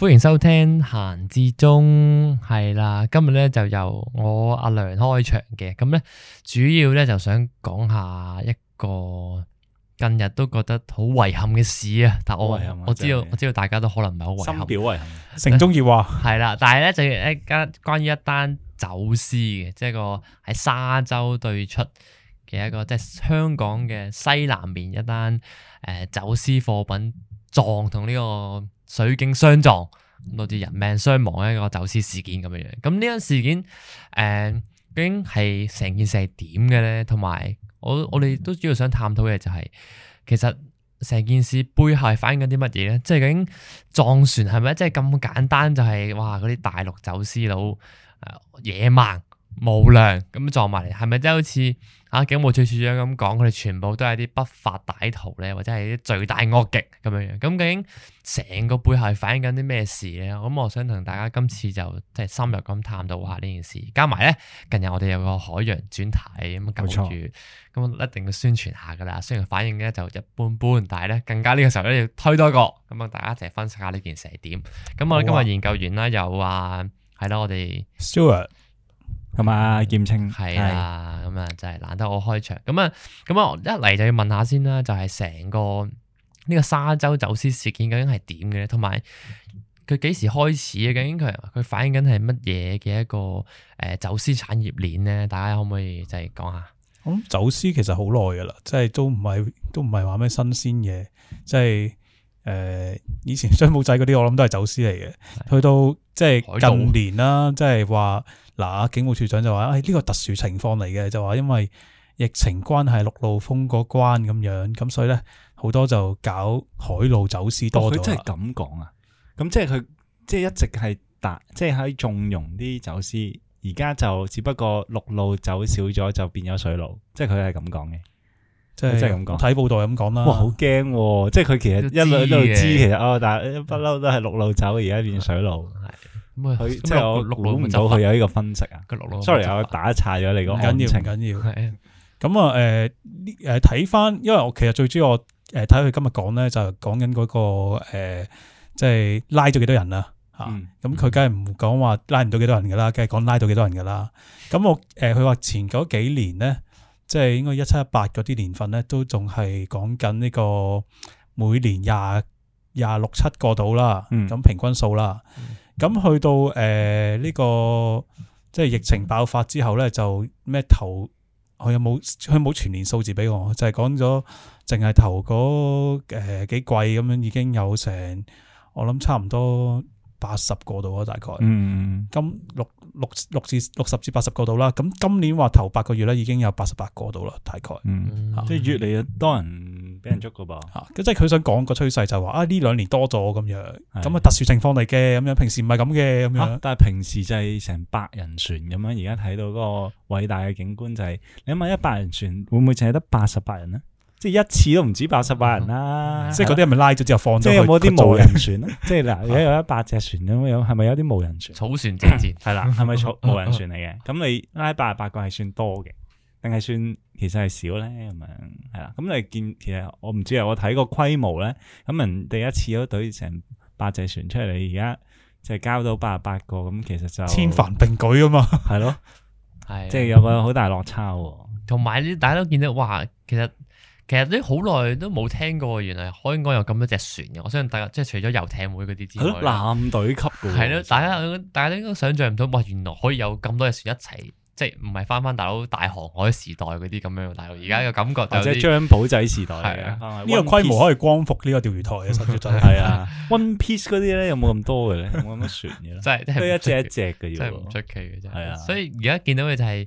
歡迎收聽閒至中，係啦，今日咧就由我阿涼開場嘅，咁咧主要咧就想講下一個近日都覺得好遺憾嘅事啊，但係我我知道、就是、我知道大家都可能唔係好遺憾，深表遺憾，嗯、成中意話係啦，但係咧就一單關於一單走私嘅，即係個喺沙洲對出嘅一個，即係香港嘅西南面一單誒走私貨品撞同呢個。水警相撞導致人命傷亡，一個走私事件咁樣樣。咁呢間事件誒、呃、究竟係成件事係點嘅咧？同埋我我哋都主要想探討嘅就係、是、其實成件事背後反映緊啲乜嘢咧？即係究竟撞船係咪即係咁簡單？就係、是、哇嗰啲大陸走私佬、呃、野蠻？無良咁撞埋嚟，係咪真係好似啊警務處處長咁講？佢哋全部都係啲不法歹徒咧，或者係啲罪大惡極咁樣樣。咁究竟成個背後係反映緊啲咩事咧？咁我想同大家今次就即係深入咁探討下呢件事。加埋咧，近日我哋有個海洋專題咁，跟住咁一定要宣傳下噶啦。雖然反應咧就一般般，但係咧更加呢個時候咧要推多一個。咁啊，大家一齊分析下呢件事係點。咁我哋今日研究完啦，啊、又話係啦，我哋 Stewart 係嘛？劍青，係啊，咁啊，真係難得我開場。咁啊，咁啊，一嚟就要問下先啦，就係成個呢個沙洲走私事件究竟係點嘅咧？同埋佢幾時開始啊？究竟佢佢反映緊係乜嘢嘅一個誒走私產業鏈咧？大家可唔可以就係講下？咁、嗯、走私其實好耐噶啦，即係都唔係都唔係話咩新鮮嘢，即係。誒，以前商務仔嗰啲我諗都係走私嚟嘅，去的到即係近年啦，即係話嗱，警務處長就話，哎呢、這個特殊情況嚟嘅，就話因為疫情關係陸路封個關咁樣，咁所以咧好多就搞海路走私多咗。佢，哦，真係咁講啊？咁即係佢即係一直係打，即係喺縱容啲走私，而家就只不過陸路走少咗，就變咗水路，即係佢係咁講嘅。即係咁講，睇報道咁講啦。哇，好驚！即係佢其實一路都知，其實哦，但係不嬲都係陸路走，而家變水路。咁佢即係陸路唔到，佢有呢個分析啊。sorry，我打岔咗你嗰個行情。唔緊要，唔緊要。咁啊，誒，誒，睇翻，因為我其實最主要，我誒睇佢今日講咧，就係講緊嗰個誒，即係拉咗幾多人啦吓。咁佢梗係唔講話拉唔到幾多人噶啦，梗係講拉到幾多人噶啦。咁我誒，佢話前嗰幾年咧。即係應該一七一八嗰啲年份咧，都仲係講緊呢個每年廿廿六七個度啦，咁、嗯、平均數啦。咁、嗯、去到誒呢、呃呢個即係疫情爆發之後咧，就咩頭佢有冇佢冇全年數字俾我，就係講咗淨係頭嗰誒幾季咁樣已經有成我諗差唔多八十個度啊，大概。嗯嗯。咁六。六六至六十至八十個度啦，咁今年話頭八個月咧已經有八十八個度啦，大概，嗯嗯、即係越嚟越多人俾人捉噶噃、啊，即係佢想講個趨勢就話、是、啊呢兩年多咗咁樣，咁啊的特殊情況嚟嘅咁樣，平時唔係咁嘅咁樣，啊、但係平時就係成百人船咁樣，而家睇到個偉大嘅景觀就係、是、你諗下一百人船會唔會淨係得八十八人呢？即係一次都唔止八十八人啦、啊，嗯、的即係嗰啲係咪拉咗之後放？即係有冇啲無人船、啊、 即係嗱，而家有一百隻船咁樣，係咪、啊、有啲無人船？草船借箭係啦，係咪草 無人船嚟嘅？咁你拉八十八個係算多嘅，定係算其實係少咧？咁樣係啦，咁你見其實我唔知啊，我睇個規模咧，咁人第一次嗰隊成百隻船出嚟，而家就交到八十八個，咁其實就千帆並舉啊嘛，係 咯的，係即係有個好大落差。同埋大家都見到，哇，其實～其實都好耐都冇聽過，原來海港有咁多隻船嘅。我相信大家即係除咗遊艇會嗰啲之外，好艦隊級嘅。係咯，大家大家都想象唔到，哇！原來可以有咁多隻船一齊，即係唔係翻翻大佬大航海時代嗰啲咁樣。大佬而家嘅感覺或者張保仔時代嚟嘅，呢個規模可以光復呢個釣魚台啊！真係，係啊。One Piece 嗰啲咧有冇咁多嘅咧？冇乜船嘅，即係都一隻一隻嘅要，真係唔出奇嘅真係啊！所以而家見到嘅就係。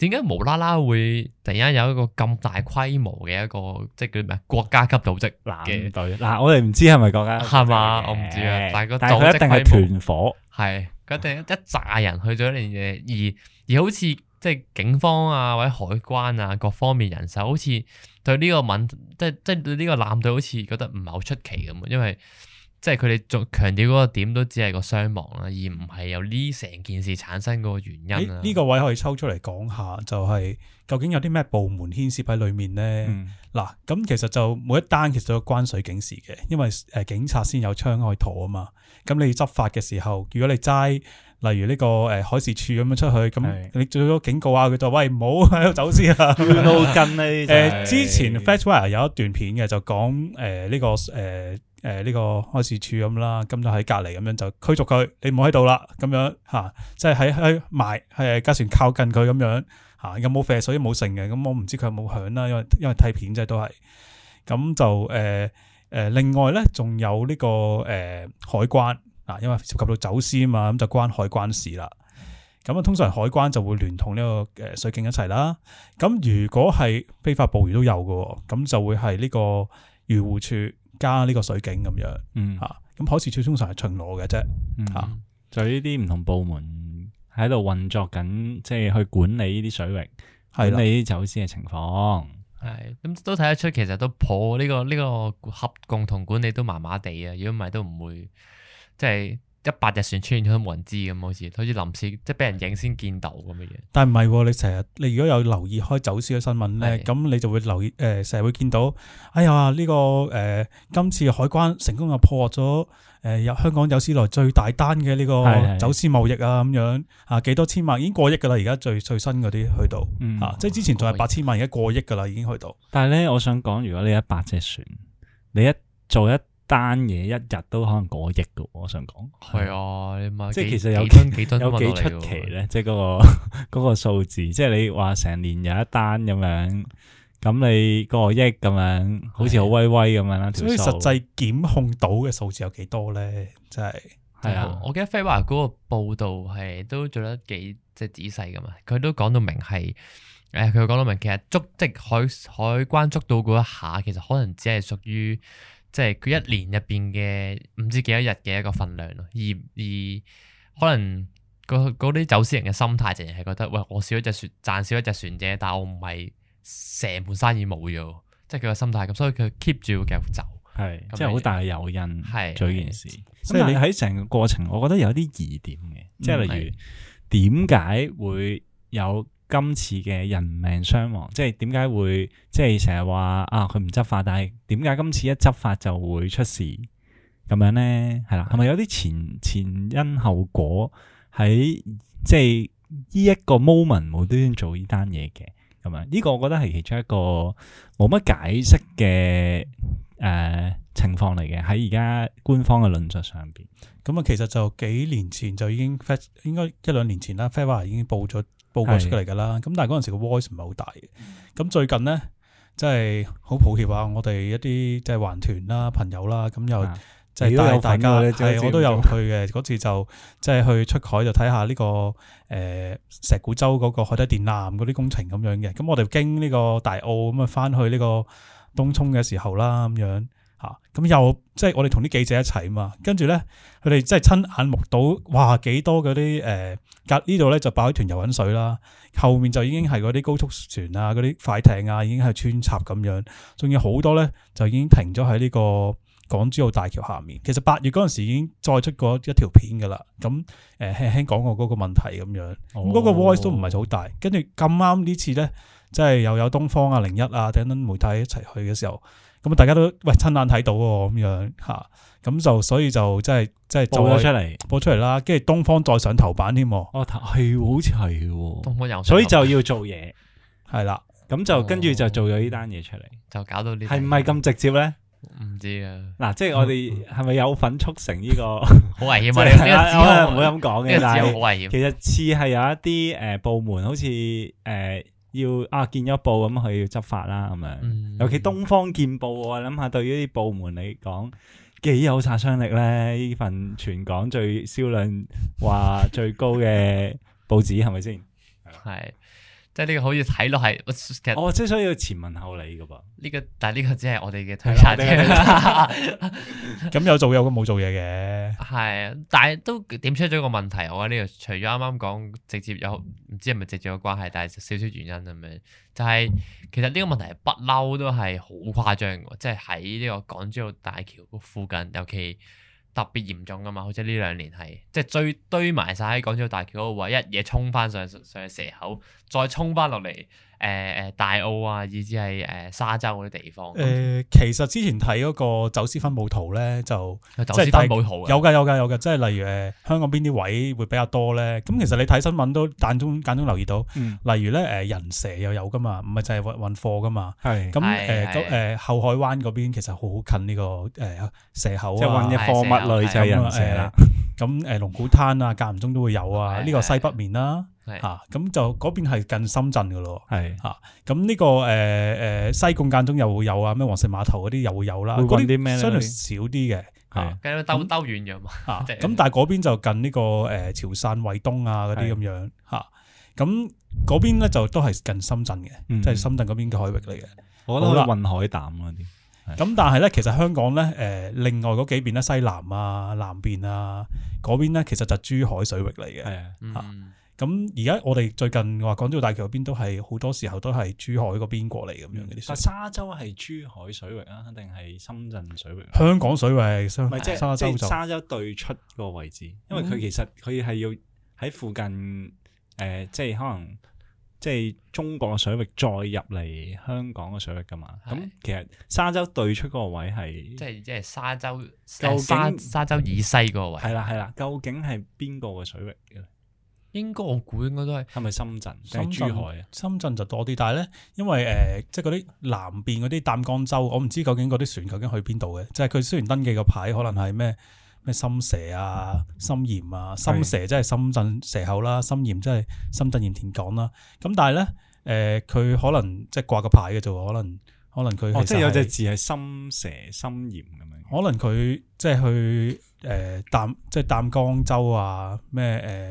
點解無啦啦會突然間有一個咁大規模嘅一個即係叫咩啊國家級組織嘅艦隊嗱？我哋唔知係咪國家係嘛？我唔知啊，但係個組織規模，係佢一定一拃人去咗呢樣嘢，而而好似即係警方啊或者海關啊各方面人手，好似對呢、這個敏即係即係對呢個艦隊好似覺得唔係好出奇咁因為。即係佢哋重強調嗰個點，都只係個傷亡啦，而唔係由呢成件事產生嗰個原因呢、欸這個位可以抽出嚟講下，就係、是、究竟有啲咩部門牽涉喺裏面咧？嗱、嗯，咁其實就每一單其實都關水警事嘅，因為誒、呃、警察先有槍可以攞啊嘛。咁你執法嘅時候，如果你齋，例如呢、這個誒、呃、海事處咁樣出去，咁你做咗警告啊，佢、呃、就喂唔好喺度走先啦，都近你。誒、 呃，之前 Flashwire 有一段片嘅，就講誒呢個誒。呃誒，呢、呃這個開市處咁啦，咁就喺隔籬咁樣就驅逐佢，你唔好喺度啦，咁樣吓，即係喺喺埋，係加船靠近佢咁樣吓，又冇啡，所以冇剩嘅，咁我唔知佢有冇響啦，因為因為睇片啫都係，咁就誒誒、呃，另外咧仲有呢、這個誒、呃、海關啊，因為涉及到走私啊嘛，咁就關海關事啦。咁啊，通常海關就會聯同呢個誒水警一齊啦。咁如果係非法捕魚都有嘅，咁就會係呢個漁護處。加呢個水警咁樣，吓，咁海事處通常係巡邏嘅啫，吓，就呢啲唔同部門喺度運作緊，即係去管理呢啲水域，管理呢啲走私嘅情況。係咁都睇得出，其實都破呢個呢個合共同管理都麻麻地啊！如果唔係都唔會即係。一百隻船出現咗都冇人知咁，好似好似臨時即係俾人影先見到咁嘅嘢。但係唔係，你成日你如果有留意開走私嘅新聞咧，咁的你就會留意誒，成、呃、日會見到，哎呀呢、啊這個誒、呃、今次海關成功又破咗誒有香港有史以來最大單嘅呢個走私貿易啊，咁樣啊幾多千萬已經過億噶啦，而家最最新嗰啲去到、嗯、啊，嗯、即係之前仲係八千萬，而家過億噶啦，已經去到。但係咧，我想講，如果你一百隻船，你一做一。單嘢一日都可能過億㗎，我想講係啊，你即係其實有幾，幾，幾有幾出奇咧，即係嗰個嗰 數字。即係你話成年有一單咁樣，咁你個億咁樣，啊、好似好威威咁樣啦。啊、所以實際檢控到嘅數字有幾多咧？即係係啊，嗯、我記得飛華嗰個報道係都做得幾即係仔細㗎嘛。佢都講到明係誒，佢講到明其實足跡海海關捉到嗰一下，其實可能只係屬於。即係佢一年入邊嘅唔知幾多日嘅一個份量咯，而而可能嗰啲走私人嘅心態，淨係覺得喂，我少一隻船，賺少一隻船啫，但係我唔係成盤生意冇咗，即係佢個心態咁，所以佢 keep 住繼續走，係是，即係好大嘅誘因，係做呢件事。咁的的但你喺成個過程，我覺得有啲疑點嘅，即係的、嗯、例如點解的會有？今次嘅人命傷亡，即係點解會即係成日話啊佢唔執法，但係點解今次一執法就會出事咁樣咧？係啦，係咪有啲前前因後果喺即係呢一個 moment 冇端端做呢單嘢嘅咁樣？呢個我覺得係其中一個冇乜解釋嘅誒情況嚟嘅。喺而家官方嘅論述上邊，咁啊，其實就幾年前就已經應該一兩年前啦 Fairway 已經報咗。報告出嚟㗎啦，咁但係嗰陣時個 voice 唔係好大嘅。咁的最近咧，真係好抱歉啊！我哋一啲即係環團啦、啊、朋友啦、啊，咁又即係帶大家，即係、啊、家我都有去嘅。嗰 次就即係去出海就睇下呢個誒、呃、石鼓洲嗰個海底電纜嗰啲工程咁樣嘅。咁我哋經呢個大澳咁啊，返去呢個東涌嘅時候啦，咁樣。嚇！咁、啊、又即係我哋同啲記者一齊啊嘛，跟住咧佢哋即係親眼目睹，哇幾多嗰啲誒隔呢度咧就爆咗團油滾水啦，後面就已經係嗰啲高速船啊、嗰啲快艇啊，已經係穿插咁樣，仲有好多咧就已經停咗喺呢個港珠澳大橋下面。其實八月嗰陣時已經再出過一條片噶啦，咁誒、呃、輕輕講過嗰個問題咁樣，咁嗰、哦、個 voice 都唔係好大。跟住咁啱呢次咧，即係又有東方啊、零一啊等等媒體一齊去嘅時候。咁大家都喂，親眼睇到喎，哦，咁樣吓，咁就所以就真係真係做咗出嚟，播出嚟啦，跟住東方再上頭版添，啊、哦，係喎，好似係喎，東方又，所以就要做嘢，係啦，咁就跟住、哦、就做咗呢單嘢出嚟，就搞到呢啲呢，係唔係咁直接咧？唔知啊，嗱，即係我哋係咪有份促成呢個？好 危險啊！唔好咁講嘅，但係好危險。 其實似係有一啲誒部門，好似誒。呃呃要啊建一部咁佢、嗯、要執法啦咁樣，是是嗯、尤其東方見報，我諗下對於啲部門嚟講幾有殺傷力咧？呢份全港最銷量話 最高嘅報紙係咪先？係。了即係呢個好似睇落係，我、這個哦、即係需要前文後理噶噃。呢個但係呢個只係我哋嘅推測啫。咁有做有嘅冇做嘢嘅，係啊！但係都點出咗一個問題。我諗呢、這個除咗啱啱講直接有唔知係咪直接有關係，但係少少原因咁樣。就係、是、其實呢個問題係不嬲都係好誇張嘅，即係喺呢個港珠澳大橋附近，尤其特別嚴重㗎嘛。好似呢兩年係即係最堆埋晒喺港珠澳大橋嗰個位，一嘢衝翻上上蛇口。再衝翻落嚟，誒、呃、誒大澳啊，以至係誒、呃、沙洲嗰啲地方。誒、呃，其實之前睇嗰個走私分佈圖咧，就即係睇有㗎有㗎有㗎，即係例如誒、呃、香港邊啲位會比較多咧？咁其實你睇新聞都間中間中留意到，例如咧誒、呃、人蛇又有㗎嘛，唔係就係運運貨㗎嘛。係咁誒誒後海灣嗰邊其實好近呢、這個誒、呃蛇，啊哎、蛇口，即係運嘅貨物類就係人蛇啦。咁誒 龍鼓灘啊，間唔中都會有啊。呢 Okay. 個西北面啦、啊。係啊，咁就嗰邊係近深圳噶咯。係啊，咁呢個誒誒西貢間中又會有啊，咩黃石碼頭嗰啲又會有啦。會搵啲咩咧？相對少啲嘅啊，咁兜兜遠咗嘛。咁但係嗰邊就近呢個誒潮汕惠東啊嗰啲咁樣吓，咁嗰邊咧就都係近深圳嘅，即係深圳嗰邊嘅海域嚟嘅。我覺得好啦，混海膽嗰啲。咁但係咧，其實香港咧誒，另外嗰幾邊咧，西南啊、南邊啊，嗰邊咧其實就珠海水域嚟嘅。係咁而家我哋最近話港珠澳大橋嗰邊都係好多時候都係珠海嗰邊過嚟咁樣嗰啲、嗯。沙洲係珠海水域啊，定係深圳水域？香港水域沙沙洲、就係、即沙洲對出個位置，因為佢其實佢係要喺附近誒、呃，即係可能即係中國嘅水域再入嚟香港嘅水域噶嘛。咁的其實沙洲對出個位係即係即係沙洲竟沙，沙洲以西個位。係啦係啦，究竟係邊個嘅水域？應該我估應該都係，係咪深圳定珠海啊？深圳就多啲，但係咧，因為誒，即係嗰啲南邊嗰啲湛江州，我唔知究竟嗰啲船究竟去邊度嘅。即係佢雖然登記個牌可能係咩咩深蛇啊、深鹽啊，深蛇即係深圳蛇口啦，深鹽即係深圳鹽田港啦。咁但係咧，誒、呃，佢可能即係掛個牌嘅啫喎，可能可能佢即係有隻字係深蛇深鹽咁樣。可能佢、就是哦、即係、嗯就是、去。誒，淡即係淡江洲啊，咩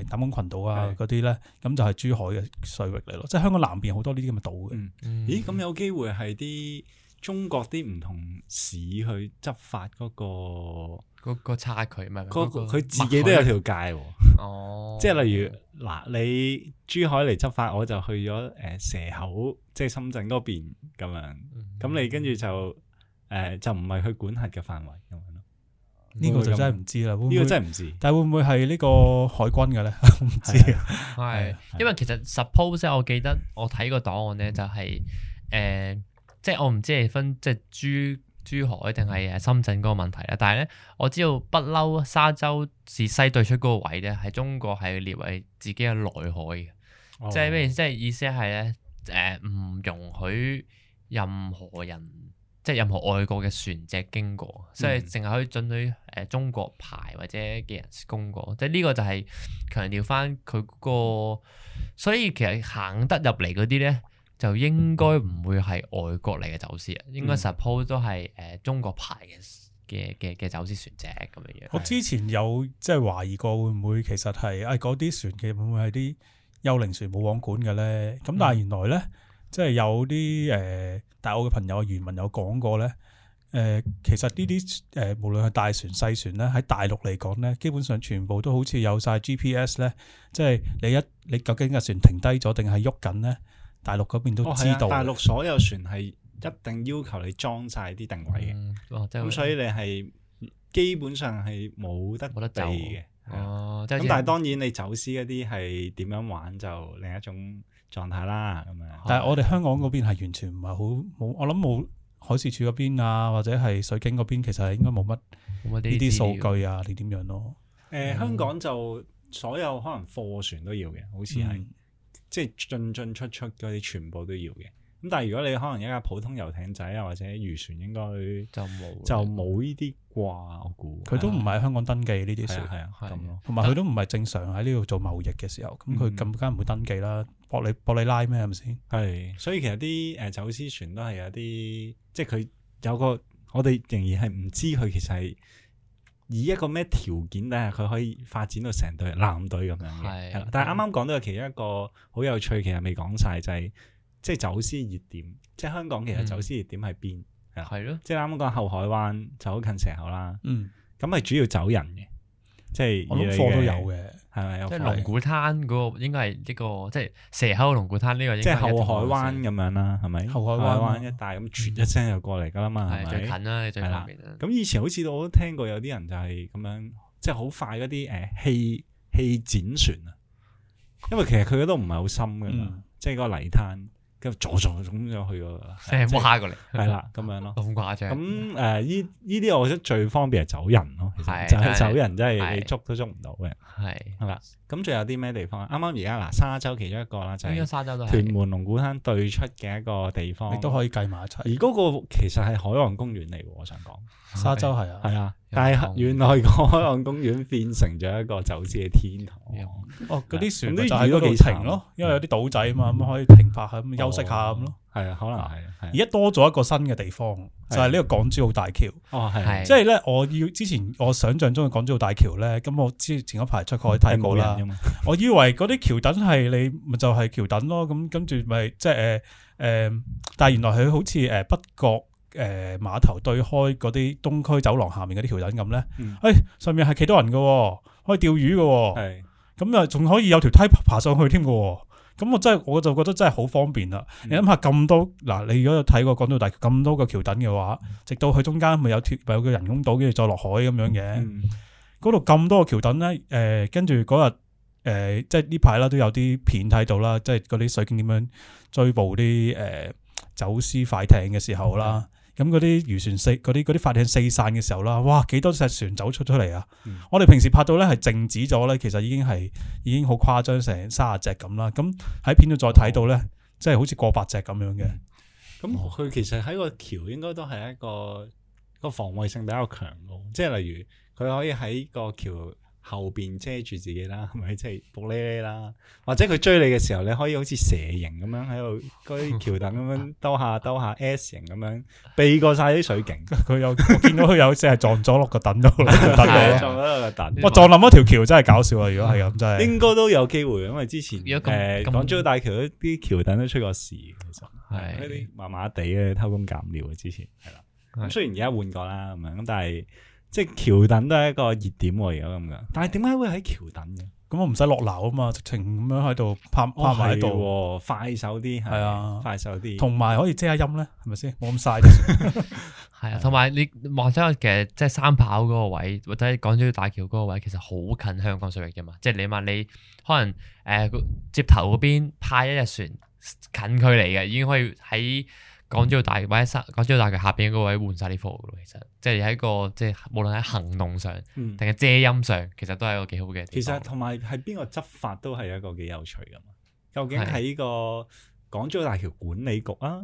誒，淡江群島啊嗰啲咧，咁就係珠海嘅水域嚟咯。即係香港南邊好多呢啲咁嘅島嘅。咦，咁有機會係啲中國啲唔同市去執法嗰個嗰個差距咩？佢自己都有條界喎。哦，即係例如嗱，你珠海嚟執法，我就去咗誒蛇口，即係深圳嗰邊咁樣。咁你跟住就誒，就唔係去管轄嘅範圍呢個就真係唔知啦，呢個真係唔知。會唔會但係會唔會係呢個海軍嘅咧？唔、嗯、知啊的。係， 因為其實 suppose 我記得我睇個檔案咧、就是呃，就係、是、誒，即係我唔知係分即係珠珠海定係誒深圳嗰個問題啦。但係咧，我知道不嬲沙洲至西對出嗰個位咧，係中國系列為自己嘅內海嘅，即係咩意思？即係意思係咧，誒、嗯，唔、呃、容許任何人。即係任何外國嘅船隻經過，嗯、所以淨係可以進去誒中國牌或者嘅人工過。嗯、即係呢個就係強調翻佢個，所以其實行得入嚟嗰啲咧，就應該唔會係外國嚟嘅走私啊，應該 suppose 都係誒中國牌嘅嘅嘅嘅走私船隻咁樣樣。嗯、是我之前有即係、就是、懷疑過會唔會其實係誒嗰啲船嘅會唔會係啲幽靈船冇網管嘅咧？咁但係原來咧，即、就、係、是、有啲誒。呃嗯但係我嘅朋友余文有講過咧，誒、呃，其實呢啲誒，無論係大船細船咧，喺大陸嚟講咧，基本上全部都好似有晒 GPS 咧，即係你一你究竟個船停低咗定係喐緊咧，大陸嗰邊都知道、哦啊。大陸所有船係一定要求你裝晒啲定位嘅，咁、嗯哦、所以你係基本上係冇得冇得走嘅。哦，咁但係當然你走私一啲係點樣玩就另一種。狀態啦咁樣，但係我哋香港嗰邊係完全唔係好冇，我諗冇海事處嗰邊啊，或者係水警嗰邊，其實係應該冇乜呢啲數據啊，你點樣咯？誒、嗯呃，香港就所有可能貨船都要嘅，好似係、嗯、即係進進出出嗰啲全部都要嘅。咁但係如果你可能一架普通遊艇仔啊，或者漁船應該，應該就冇就冇呢啲掛。我估猜佢都唔係喺香港登記呢啲船係啊，咁咯，同埋佢都唔係正常喺呢度做貿易嘅時候，咁佢更加唔會登記啦。博你博你拉咩，係咪先？係，所以其實啲，誒、呃、走私船都係有啲，即係佢有個，我哋仍然係唔知佢其實係以一個咩條件咧，佢可以發展到成隊、艦隊咁樣嘅。係的，但係啱啱講到嘅其中一個好有趣，其實未講晒，就係、是、即係走私熱點，即係香港其實走私熱點係邊？係咯、嗯，即係啱啱講後海灣，就好近蛇口啦。嗯，咁係主要走人嘅，嗯、即係貨都有嘅。係咪？即係龍鼓灘嗰個應該係一個即係蛇口龍鼓灘呢個，即係後海灣咁樣啦、啊，係咪？後海灣、啊、一帶咁，一聲就過嚟噶啦嘛，最近啦、啊，最南邊啦。咁以前好似我都聽過有啲人就係咁樣，即係好快嗰啲誒汽汽墊船啊，因為其實佢都唔係好深噶嘛，嗯、即係個泥灘。跟住左左咁樣去咗，即係摸下過嚟，係啦咁樣咯。咁誇張？咁誒，呢呢啲我覺得最方便係走人咯，其實就係走人真係你捉都捉唔到嘅。係，係啦。咁仲有啲咩地方啊？啱啱而家嗱，沙洲其中一個啦，就沙洲都屯門龍鼓灘對出嘅一個地方，你都可以計埋一齊。而嗰個其實係海岸公園嚟嘅，我想講的沙洲係啊，係啊的。但係原來個海岸公園變成咗一個走私嘅天堂， 哦，嗰啲船都住喺度停咯，嗯、因為有啲島仔啊嘛，咁、嗯、可以停泊下，休息下咁咯。係啊、哦，可能係。而家多咗一個新嘅地方，的就係呢個港珠澳大橋。哦，係。即係咧，我要之前我想象中嘅港珠澳大橋咧，咁我之前一排出去過去睇過啦。 我以為嗰啲橋墩係你咪就係橋墩咯，咁跟住咪即係誒誒，但係原來佢好似誒北角。誒，呃、碼頭對開嗰啲東區走廊下面嗰啲橋墩咁咧，誒、嗯欸，上面係企多人嘅，可以釣魚嘅，係是，咁啊，仲可以有條梯爬上去添嘅，咁我真係我就覺得真係好方便啦。嗯、你諗下咁多，嗱，你如果有睇過港島大橋咁多個橋墩嘅話，嗯、直到去中間咪有條有個人工島跟住再落海咁樣嘅，嗰度咁多個橋墩咧，誒、呃，跟住嗰日，誒、呃，即係呢排啦，都有啲片睇到啦，即係嗰啲水警點樣追捕啲誒、呃、走私快艇嘅時候啦。咁嗰啲漁船四嗰啲嗰啲法艇四散嘅時候啦，哇！幾多隻船走出出嚟啊？嗯、我哋平時拍到咧係靜止咗咧，其實已經係已經好誇張成三十隻咁啦。咁喺片度再睇到咧，哦、即係好似過百隻咁樣嘅。咁佢、嗯、其實喺個橋應該都係一個、個防衛性比較強嘅，哦、即係例如佢可以喺個橋。後邊遮住自己啦，係咪即係卜咧咧啦？或者佢追你嘅時候，你可以好似蛇形咁樣喺度嗰啲橋墩咁樣兜下兜下 S 型咁樣避過晒啲水警。佢有見到佢有似係撞咗落個墩度啦，撞咗落個墩，哇撞冧一條橋真係搞笑啊！如果係咁真係，應該都有機會，因為之前誒港珠澳大橋啲橋墩都出過事，其實係啲麻麻地嘅偷工減料啊！之前係啦，咁雖然而家換過啦，咁但係。即係橋墩都係一個熱點喎、啊，而家咁嘅。但係點解會喺橋墩嘅？咁我唔使落樓啊嘛，直情咁樣喺度拍，拍埋喺度快手啲，係啊的，快手啲。同埋可以遮下陰咧，係咪先？冇咁晒。係啊，同埋你話真係，其實即係三跑嗰個位，或者港珠澳大橋嗰個位，其實好近香港水域嘅嘛。即、就、係、是、你問你，可能誒、呃、接頭嗰邊派一隻船，近距離嘅，已經可以喺。港珠澳大，或者沙港珠澳大橋下邊嗰位換晒啲貨咯，其實即係喺個即係無論喺行動上，定係遮陰上，其實都係一個幾好嘅。其實同埋係邊個執法都係一個幾有趣㗎嘛。究竟喺呢個港珠澳大橋管理局啊，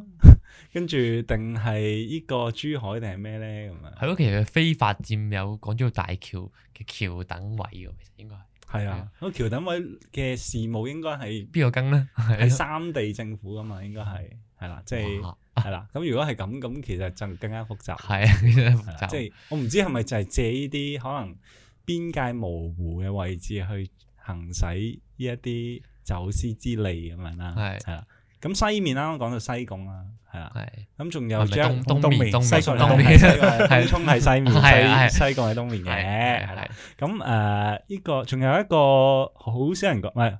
跟住定係呢個珠海定係咩咧？咁樣，係咯，其實非法佔有港珠澳大橋嘅橋等位，其實應該係啊，的的個橋等位嘅事務應該係邊個更咧？係的三地政府噶嘛，應該係係啦，即係。係啦，咁如果係咁，咁其實就更加複雜。係啊，即係我唔知係咪就係借呢啲可能邊界模糊嘅位置去行使呢一啲走私之利咁樣啦。係係啦，咁西面啦，我講到西貢啦，係啦。係咁仲有東東面、西面、東面，補充係西面，係啊係西貢係東面嘅。咁誒呢個仲有一個好少人講，唔係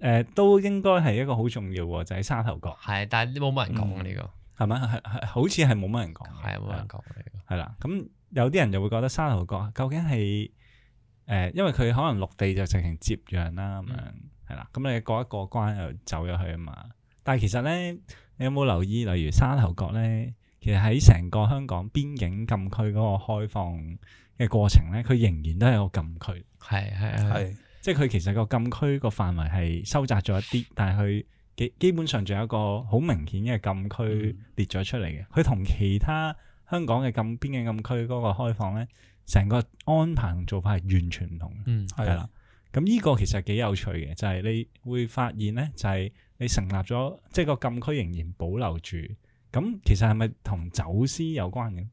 誒都應該係一個好重要就喺沙頭角。係，但係冇乜人講呢個。係咪？係係，好似係冇乜人講。係冇的的人講嚟。係啦，咁有啲人就會覺得沙頭角究竟係誒、呃，因為佢可能陸地就直情接壤啦咁樣。係啦、嗯，咁你過一過關又走咗去啊嘛。但係其實咧，你有冇留意？例如沙頭角咧，其實喺成個香港邊境禁區嗰個開放嘅過程咧，佢仍然都係個禁區。係係係，即係佢其實個禁區個範圍係收窄咗一啲，但係佢。基本上仲有一個好明顯嘅禁區列咗出嚟嘅，佢同、嗯、其他香港嘅禁邊境禁區嗰個開放呢，成個安排做法係完全唔同嘅。嗯，係啦的，咁呢、嗯呢個其實幾有趣嘅，就係、係、你會發現呢，就係你成立咗，即係個禁區仍然保留住，咁、嗯、其實係咪同走私有關嘅？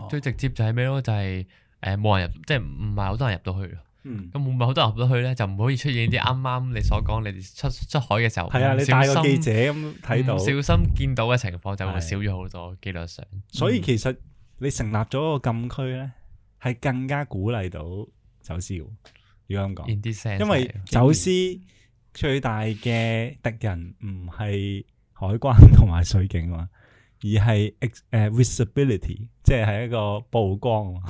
哦、最最直接就係咩咯？就係誒冇人入，即係唔係好多人入到去咁會唔會好多人入到去咧？就唔可以出現啲啱啱你所講，你出出海嘅時候，你帶個記者咁睇到，唔小心見到嘅情況就會少咗好多幾率上。所以其實你成立咗個禁區咧，係更加鼓勵到走私。如果咁講，因為走私最大嘅敵人唔係海關同埋水警啊，而係 ex 誒 visibility，即係一個曝光嘛。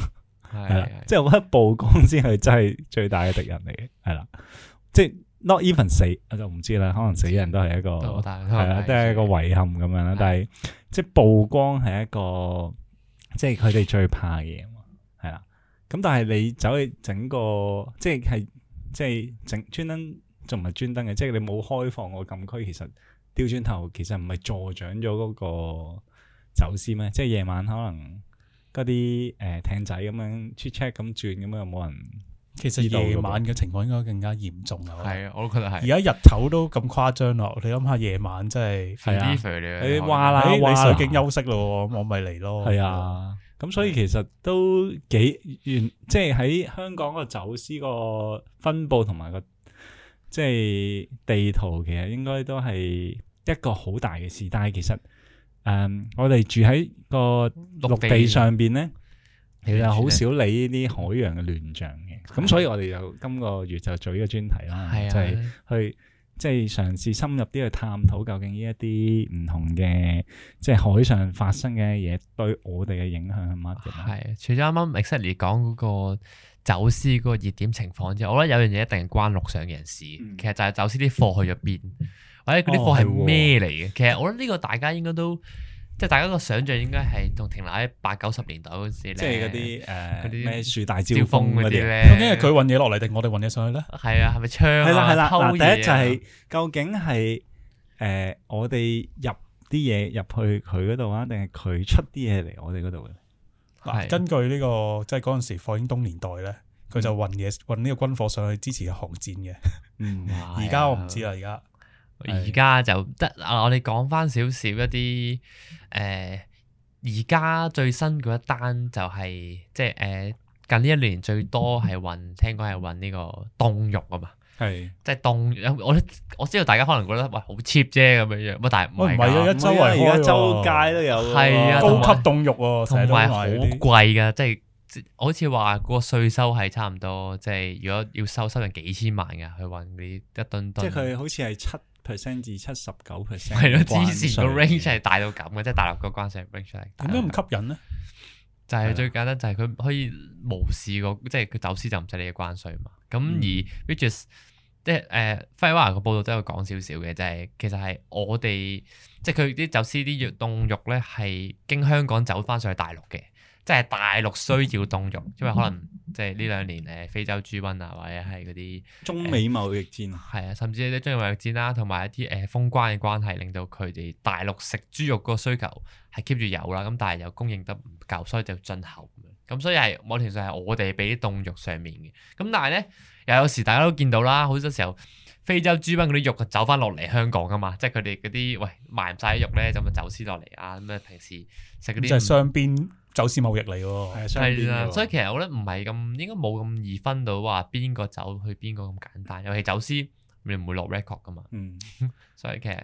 係啦，即係我覺得曝光先係真係最大嘅敵人嚟嘅，係啦，即係 Not Even 死，我就唔知啦，可能死人都係一個，係啦，都係一個遺憾咁樣啦。但係即係曝光係一個，即係佢哋最怕嘅嘢，係啦。咁 但係你走去整個，即係即係整專登仲唔係專登嘅，即係你冇開放個禁區，其實掉轉頭其實唔係助長咗嗰個走私咩？即係夜晚可能。嗰啲誒艇仔咁樣 check check 咁轉咁樣，有冇人？其實夜晚嘅情況應該更加嚴重啦。係啊，我都覺得係。而家日頭都咁誇張啦，你諗下夜晚真係。係啊，你話啦，你水警休息咯，我咪嚟咯。係啊，咁所以其實都幾原，即係喺香港個走私個分布同埋個即係地圖，其實應該都係一個好大嘅事。但係其實。誒，um, 我哋住喺個陸地上邊咧，其實好少理呢啲海洋嘅亂象嘅，咁的所以我哋就今個月就做呢個專題啦，的就係去即係嘗試深入啲去探討究竟呢一啲唔同嘅，即係海上發生嘅嘢對我哋嘅影響係乜嘢？係除咗啱啱 Xenia 講嗰個走私嗰個熱點情況之外，我覺得有樣嘢一定關陸上嘅人事，嗯、其實就係走私啲貨去入邊。或者嗰啲貨係咩嚟嘅？其實我諗呢個大家應該都，即係大家個想像應該係仲停留喺八九十年代嗰時咧，即係嗰啲誒嗰啲咩樹大招風嗰啲咧。究竟係佢運嘢落嚟定我哋運嘢上去咧？係啊，係咪槍啊？係啦，係啦。嗱，第一就係究竟係誒我哋入啲嘢入去佢嗰度啊，定係佢出啲嘢嚟我哋嗰度嘅？嗱，根據呢個即係嗰陣時霍英東年代咧，佢就運嘢運呢個軍火上去支持韓戰嘅。嗯，而家我唔知啦，而家。而家就得啊！我哋講翻少少一啲誒，而、呃、家最新嗰一單就係、是、即係誒、呃、近呢一年最多係揾 聽講係揾呢個凍肉啊嘛，係是即係凍，我我知道大家可能覺得喂好 cheap 啫咁樣，唔但唔係、哎、啊，一、啊、周圍而家周街都有，係啊，高級凍肉喎、啊，同埋好貴噶，即係好似話嗰個稅收係差唔多，即係如果要收收成幾千萬噶去揾嗰啲一噸噸，即係佢好似係七。percent 至七十九 percent，係咯，之前個 range 係大到咁嘅，即係 大陸個關稅 range 係，有咩唔吸引咧？就係最簡單，就係佢可以無視個，即係佢走私就唔使你嘅關稅嘛。咁、嗯、而 which is 即係誒廢話，個報道都有講少少嘅，就係、是、其實係我哋即係佢啲走私啲凍肉咧，係經香港走翻上去大陸嘅。即係大陸需要凍肉，因為可能即係呢兩年誒非洲豬瘟啊，或者係嗰啲中美貿易戰，係啊、呃，甚至係啲中美貿易戰啦，同埋一啲誒、呃、封關嘅關係，令到佢哋大陸食豬肉個需求係 keep 住有啦，咁但係又供應得唔夠，所以就進口，咁所以係某程度上係我哋俾啲凍肉上面嘅。咁但係咧，又有時大家都見到啦，好多時候非洲豬瘟嗰啲肉就走翻落嚟香港㗎嘛，即係佢哋嗰啲喂，賣唔晒啲肉咧，咁啊走私落嚟啊，咁啊平時食嗰啲就雙邊。走私貿易嚟喎，係啦的，所以其實我覺得唔係咁應該冇咁易分到話邊個走去邊個咁簡單。尤其走私你唔會落 record 噶嘛。嗯， 所以其實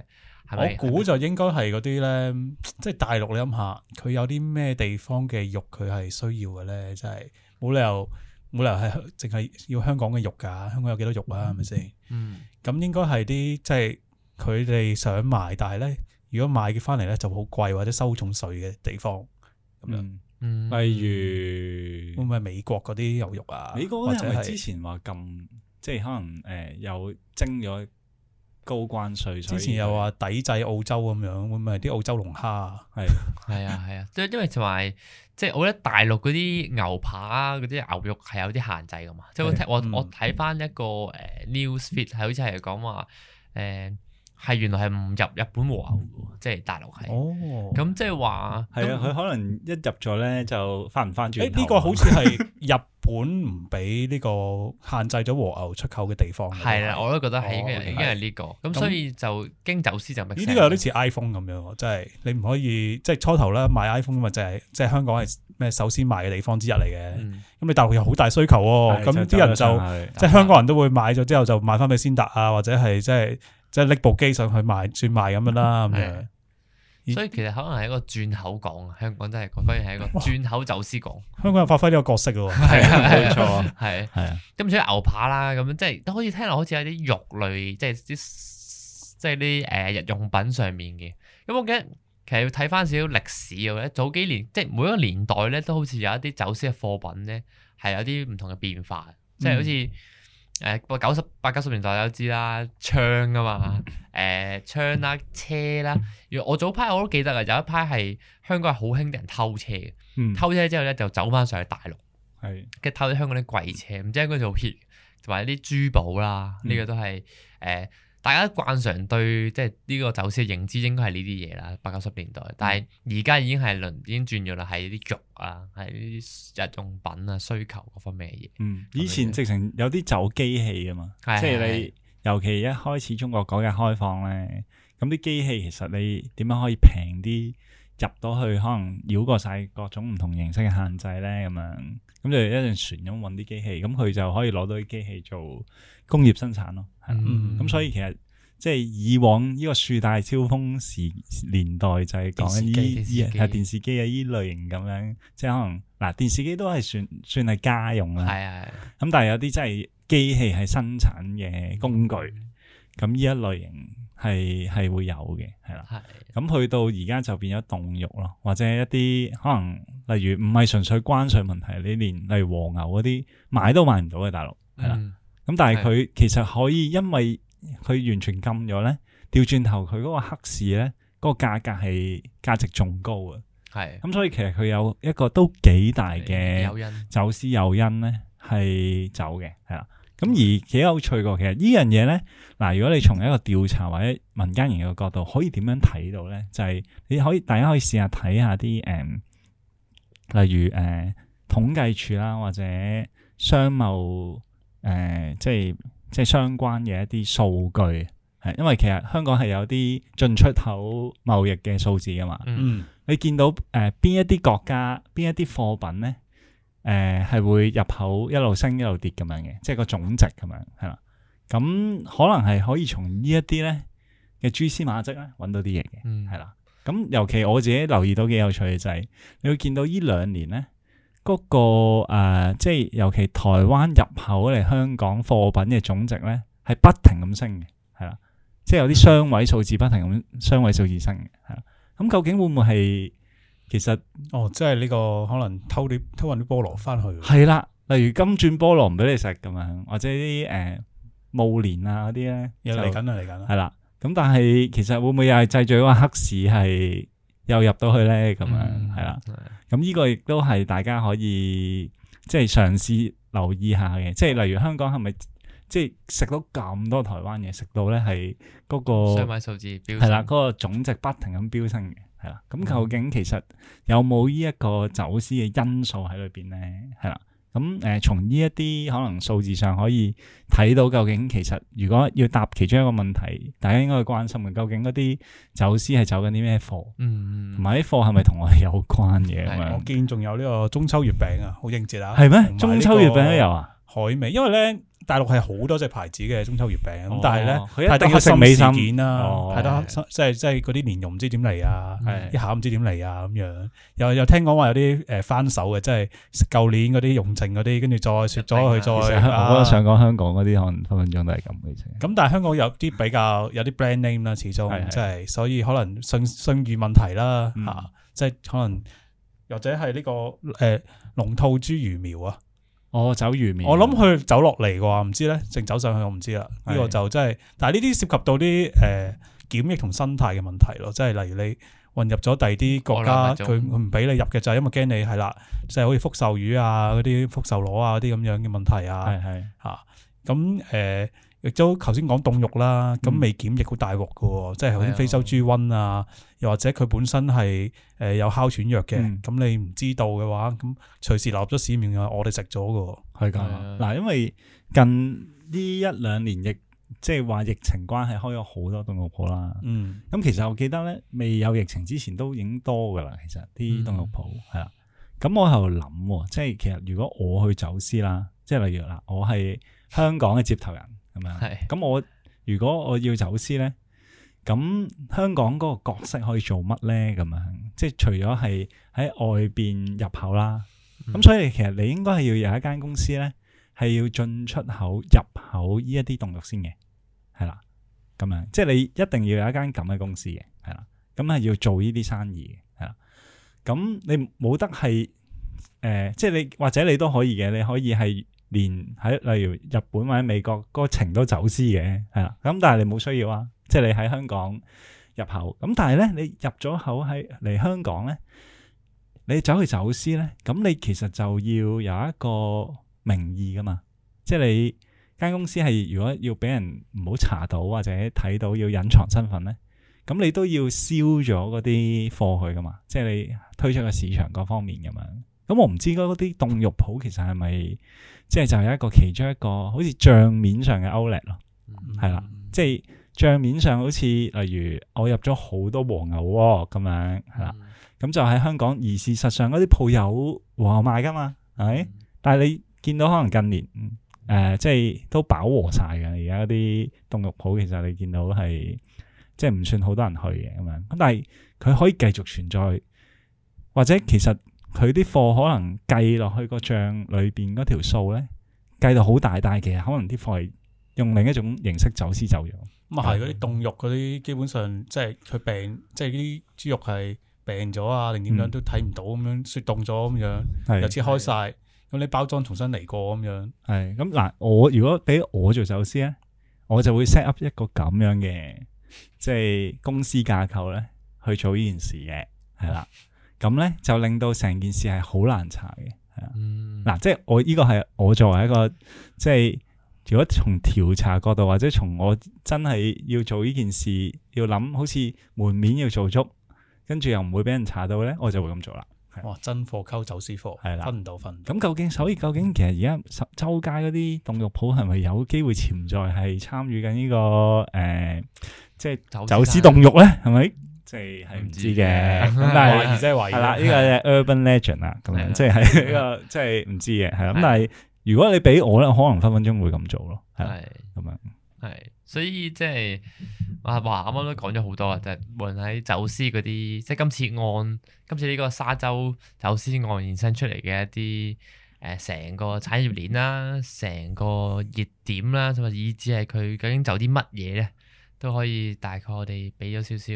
係咪我估就應該係嗰啲咧，嗯、係咪即係大陸你諗下，佢有啲咩地方嘅肉佢係需要嘅咧？真係冇理由冇理由係淨係要香港嘅肉㗎。香港有幾多肉啊？係咪先？嗯，咁、嗯、應該係啲即係佢哋想賣，但係咧如果買嘅翻嚟咧就好貴，或者收重稅嘅地方。咁樣，嗯、例如會唔會美國嗰啲牛肉啊？美國嗰啲係咪之前話咁，即係可能誒又徵咗高關稅？之前又話抵制澳洲咁樣，會唔會啲澳洲龍蝦啊？係係啊係啊，都因為同埋即係我覺得大陸嗰啲牛扒啊嗰啲牛肉係有啲限制噶嘛。即係、啊嗯、我我睇翻一個誒 news feed 係好似係講話誒。嗯係原來係唔入日本和牛嘅，即係大陸係。哦，咁即係話係啊，佢可能一入咗咧就翻唔翻轉。誒，呢個好似係日本唔俾呢個限制咗和牛出口嘅地方。係啦，我都覺得係，應該係呢個。咁所以就經走私就乜？呢啲有啲似 iPhone 咁樣，即係你唔可以即係初頭咧買 iPhone 咪就係即係香港係咩首先賣嘅地方之一嚟嘅。咁你大陸有好大需求，咁啲人就即係香港人都會買咗之後就賣翻俾先達啊，或者係即係。拎部機上去賣，轉賣咁樣啦，咁樣。所以其實可能係一個轉口港啊，香港真係，反而係一個轉口走私港。香港又發揮呢個角色啊，冇錯、嗯，係係啊。咁所以牛扒啦，咁樣即係都可以聽落，好似有啲肉類，即係啲即係啲誒日用品上面嘅。咁我記得其實要睇翻少少歷史嘅，早幾年即係每一個年代咧，都好似有一啲走私嘅貨品咧，係有啲唔同嘅變化，即係好似。誒九十八九十年代我都知啦，槍啊嘛，誒槍啦車啦，啊，如我早排我都記得啊，有一排係香港係好興啲人偷車嘅，嗯、偷車之後咧就走翻上去大陸，跟住是偷啲香港啲貴車，唔知應該做 hit 同埋啲珠寶啦，啊，呢、嗯、個都係誒。呃大家慣常對即係呢個走私嘅認知應該係呢啲嘢啦，八九十年代。嗯，但係而家已經係輪已經轉咗啦，係啲肉啊，係啲日用品啊，需求各方面嘅嘢。嗯，以前直情有啲走機器啊嘛，即係你是是是是尤其一開始中國改革開放咧，咁啲機器其實你點樣可以平啲入到去，可能繞過晒各種唔同形式嘅限制咧，咁樣咁就一陣船咁揾啲機器，咁佢就可以攞到啲機器做。工業生產咯，咁、嗯嗯嗯、所以其實即係以往呢個樹大招風時年代就係講緊電視機呀呢類型咁樣，即係可能嗱電視機都係、就是、算算係家用啦，咁是、啊、但係有啲真係機器係生產嘅工具，咁呢、嗯、一類型係係會有嘅，係啦，咁去是、啊嗯、到而家就變咗凍肉咯，或者一啲可能例如唔係純粹關稅問題，你連例如和牛嗰啲買都買唔到嘅大陸，係啦。咁、嗯、但係佢其實可以，因為佢完全禁咗咧，調轉頭佢嗰個黑市咧，嗰、那個價格係價值仲高啊！係咁的、嗯，所以其實佢有一個都幾大嘅走私誘因咧，係走嘅係啦。咁、嗯嗯、而幾有趣嘅其實呢樣嘢咧，嗱、呃、如果你從一個調查或者民間營嘅角度，可以點樣睇到咧？就係、是、你可以大家可以試下睇下啲誒，例如誒、呃、統計處啦，或者商貿。誒、呃，即係即係相關嘅一啲數據，係因為其實香港係有啲進出口貿易嘅數字噶嘛。嗯，嗯，你見到誒邊、呃、一啲國家邊一啲貨品咧，誒、呃、係會入口一路升一路跌咁樣嘅，即係個總值咁樣吓。咁、嗯、可能係可以從呢，呢一啲咧嘅蛛絲馬跡咧揾到啲嘢嘅，係啦。咁、嗯、尤其我自己留意到幾有趣嘅就係、是，你會見到兩呢兩年咧。不、嗰個誒、呃，即係尤其台灣入口嚟香港貨品嘅總值咧，係不停咁升嘅，係啦，即係有啲雙位數字不停咁雙位數字升嘅，係啦。咁究竟會唔會係其實？哦，即係呢、呢個可能偷啲偷運啲菠蘿翻去。係啦，例如金鑽菠蘿唔俾你食咁樣，或者啲誒霧蓮啊嗰啲咧，又嚟緊啊嚟緊啦。係啦，咁的但係其實會唔會又係製造一個黑市係？又入到去咧，咁樣係、嗯、啦。咁呢、嗯呢個亦都係大家可以即係嘗試留意下嘅，即係例如香港係咪即係食到咁多台灣嘢，食到咧係嗰個雙位數字，係啦，嗰、嗰個總值不停咁飆升嘅，係啦。咁、嗯、究竟其實有冇呢一個走私嘅因素喺裏邊咧？係啦。咁誒，從呢一啲可能數字上可以睇到，究竟其實如果要答其中一個問題，大家應該去關心嘅究竟嗰啲走私係走緊啲咩貨？嗯，同埋啲貨係咪同我哋有關嘅？嗯、樣我見仲有呢個中秋月餅啊，好應節啊，係咩嗎？中秋月餅都有啊，海味，因為咧。大陸係好多隻牌子嘅中秋月餅，咁但係咧，係得啲新美件啦，係得即係即係嗰啲蓮蓉唔知點嚟啊，一下唔知點嚟啊咁樣，又又聽講話有啲誒翻手嘅，即係舊年嗰啲用剩嗰啲，跟住再雪咗佢再啊，我想講香港嗰啲可能分分鐘都係咁嘅啫。咁但係香港有啲比較有啲 brand name 啦，始終即係所以可能信信譽問題啦嚇，即係可能或者係呢個誒龍套豬魚苗啊。哦，走魚面，我諗佢走落嚟嘅話，唔知咧，淨走上去我唔知啦。呢是的 個就真係，但係呢啲涉及到啲誒檢疫同生態嘅問題咯，即係例如你混入咗第二啲國家，佢佢唔俾你入嘅就係、是、因為驚你係啦，即係、就是、好似福壽魚啊嗰啲是的 福壽螺啊啲咁樣嘅問題啊，係係吓咁誒。呃亦都頭先講凍肉啦，咁未檢疫大、嗯、好大鑊噶喎，即係好似非洲豬瘟啊，嗯、又或者佢本身係誒有哮喘藥嘅，咁、嗯、你唔知道嘅話，咁隨時落咗市面我哋食咗噶喎，係㗎嗱。嗯、因為近呢一兩年疫即係話疫情關係開，開咗好多凍肉鋪啦。嗯，咁其實我記得咧，未有疫情之前都已經多噶啦。其實啲凍肉鋪係啦，咁、嗯、我喺度諗，即係其實如果我去走私啦，即係例如啦，我係香港嘅接頭人。係，咁我如果我要走私咧，咁香港嗰個角色可以做乜咧？咁樣，即係除咗係喺外邊入口啦，咁所以其實你應該係要有一間公司咧，係要進出口入口呢一啲動作先嘅。係啦，咁樣，即係你一定要有一間咁嘅公司嘅。係啦，咁係要做呢啲生意嘅。係啦，咁你冇得係，誒，即係你或者你都可以嘅，你可以係。連喺例如日本或者美國嗰程，都走私嘅，係啦。咁但係你冇需要啊，即係你喺香港入口。咁但係咧，你入咗口喺嚟香港咧，你走去走私咧，咁你其實就要有一個名義噶嘛。即係你間公司係如果要俾人唔好查到或者睇到要隱藏身份咧，咁你都要燒咗嗰啲貨去噶嘛。即係你推出個市場各方面咁樣。咁我唔知嗰啲凍肉鋪其實係咪，即係就係一個其中一個，好似賬面上嘅壓力咯，係啦、嗯，即係賬面上好似例如我入咗好多黃牛咁、哦、樣，係啦，咁、嗯、就喺香港，而事實上嗰啲鋪有黃牛賣噶嘛，係咪，嗯、但係你見到可能近年誒、呃，即係都飽和晒㗎，而家啲凍肉鋪其實你見到係即係唔算好多人去嘅咁樣，咁但係佢可以繼續存在，或者其實。佢啲貨可能計落去個賬裏邊嗰條數咧，計到好大大，但係其實可能啲貨係用另一種形式走私走樣。咁啊係，嗰啲凍肉嗰啲，基本上即係佢病，即係啲豬肉係病咗啊，定點樣都睇唔到咁樣，雪凍咗咁樣，又切開晒，咁你包裝重新嚟過咁樣。係咁嗱，我如果俾我做走私咧，我就會 set up 一個咁樣嘅，即係公司架構咧去做呢件事嘅，係啦。 咁咧就令到成件事係好難查嘅，係、嗯、啊，嗱，即係我呢個係我作為一個，即係如果從調查角度或者從我真係要做呢件事，要諗好似門面要做足，跟住又唔會俾人查到咧，我就會咁做啦。哇！真貨溝走私貨，係啦吧，吧分唔到分。咁、嗯、究竟所以究竟其實而家周街嗰啲凍肉鋪係咪有機會潛在係參與緊呢個誒、呃，即係走私凍肉咧？係咪？即係係唔知嘅，咁但係唔使懷疑啦，呢個係 Urban Legend 啊，咁樣即係呢個即係唔知嘅，係咁。但係如果你俾我咧，可能分分鐘會咁做咯，係咁樣。係，所以即係啊華啱啱都講咗好多啊，就係無論喺走私嗰啲，即係今次案，今次呢個沙洲走私案延伸出嚟嘅一啲誒，成個產業鏈啦，成個熱點啦，甚至係佢究竟走啲乜嘢咧？都可以大概我哋俾咗少少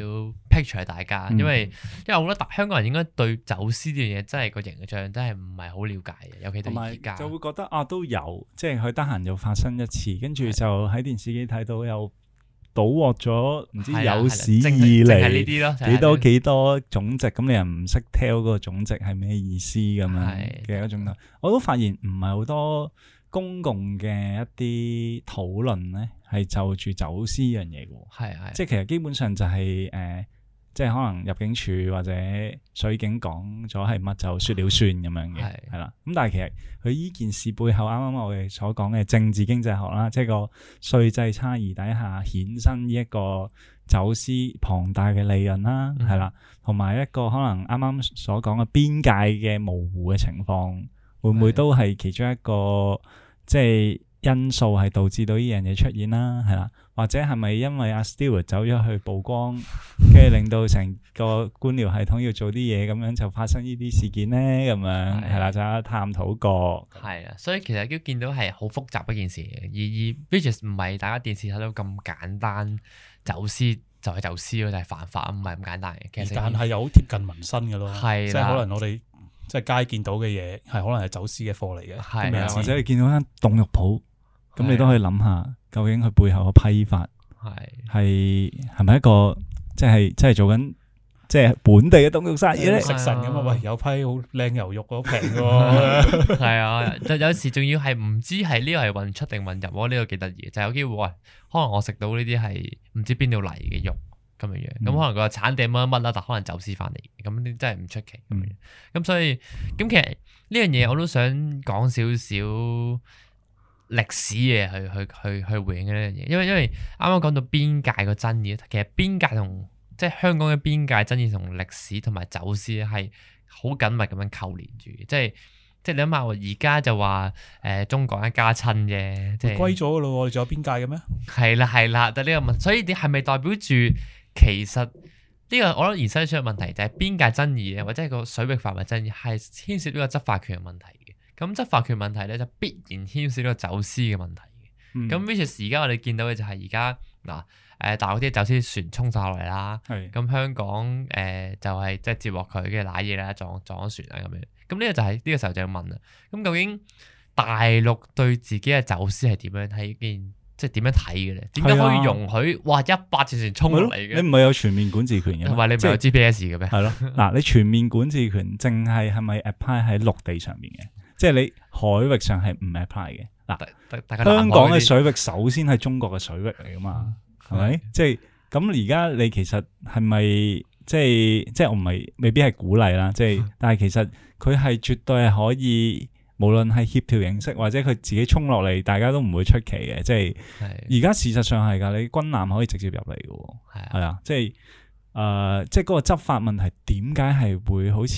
picture 大家，因為因為我覺得香港人應該對走私呢樣嘢真係個形象真係唔係好了解嘅。尤其電視就會覺得啊都有，即係佢得閒就發生一次，跟住就喺電視機睇到又倒獲咗唔知有史以嚟幾多幾多總值，咁你又唔識 tell 嗰個總值係咩意思咁樣嘅一種咯，的我都發現唔係好多。公共嘅一啲討論呢，係就住走私樣嘢嘅喎，是是即係其實基本上就係、是、誒、呃，即係可能入境處或者水警講咗係乜就說了算咁樣嘅，係啦是是。咁但係其實佢依件事背後啱啱我哋所講嘅政治經濟學啦，即係個稅制差異底下衍生呢一個走私龐大嘅利潤啦，係啦、嗯，同埋一個可能啱啱所講嘅邊界嘅模糊嘅情況，會唔會都係其中一個？即係因素係導致到呢樣嘢出現啦，係啦，或者係咪因為阿 Stewart 走咗去曝光，跟住令到成個官僚系統要做啲嘢，咁樣就發生呢啲事件咧？咁樣係啦，就探討過。係啊，所以其實都見到係好複雜一件事，而而 Vegas 唔係大家電視睇到咁簡單，走私就係、是、走私咯，就係、是、犯法唔係咁簡單嘅。其實、就是、而但係又好貼近民生嘅咯，係，即係可能我哋。即係街見到嘅嘢，係可能係走私嘅貨嚟嘅，或者你見到間凍肉鋪，咁的你都可以諗下，究竟佢背後嘅批發係係係咪一個即係即係做緊即係本地嘅凍肉生意咧？食神咁啊喂，有批好靚牛肉，好平嘅，係啊！有有時仲要係唔知係呢個係運出定運入，呢、呢個幾得意，就係、有機會喂，可能我食到呢啲係唔知邊度嚟嘅肉。咁嘅樣，咁、嗯、可能佢話產地乜乜啦，但可能走私翻嚟，咁真係唔出奇咁樣。咁、嗯、所以，咁其實呢樣嘢我都想講少少歷史嘢去去去去回應呢樣嘢。因為因為啱啱講到邊界個爭議，其實邊界同即係香港嘅邊界爭議同歷史同埋走私係好緊密咁樣扣連住即係即係你諗下，而家就話誒、呃、中國一家親嘅，即歸咗㗎咯，你仲有邊界嘅咩？係啦係啦，但呢個問題，所以你係咪代表住？其實呢、這個我諗延伸出嘅問題就係邊界爭議啊，或者係個水域範圍爭議，係牽涉呢個執法權嘅問題嘅。咁執法權問題咧就必然牽涉呢個走私嘅問題嘅。咁於、嗯、是而家我哋見到嘅就係而家嗱，誒、啊呃、大陸啲走私船衝晒落嚟啦。咁香港誒、呃、就係即係接獲佢，跟住瀨嘢啦，撞撞咗船啊咁樣。咁呢個就係、是、呢、這個時候就要問啦。咁究竟大陸對自己嘅走私係點樣睇件？即係點樣睇嘅咧？點解可以容許？哇、啊！一百條船衝嚟嘅，你唔係有全面管治權嘅，同埋你唔係有 GPS 嘅咩？係咯。嗱，你全面管治權，淨係係咪 apply 喺陸地上面嘅？ 即係你海域上係唔 apply 嘅。嗱， 香港嘅水域首先係中國嘅水域嚟噶嘛？係咪？即係咁而家你其實係咪即係即係我唔係未必係鼓勵啦。即係 但係其實佢係絕對係可以。無論係協調形式或者佢自己衝落嚟，大家都唔會出奇嘅。即係而家事實上係噶，你軍艦可以直接入嚟嘅。係啊的，即係誒、呃，即係嗰個執法問題，點解係會好似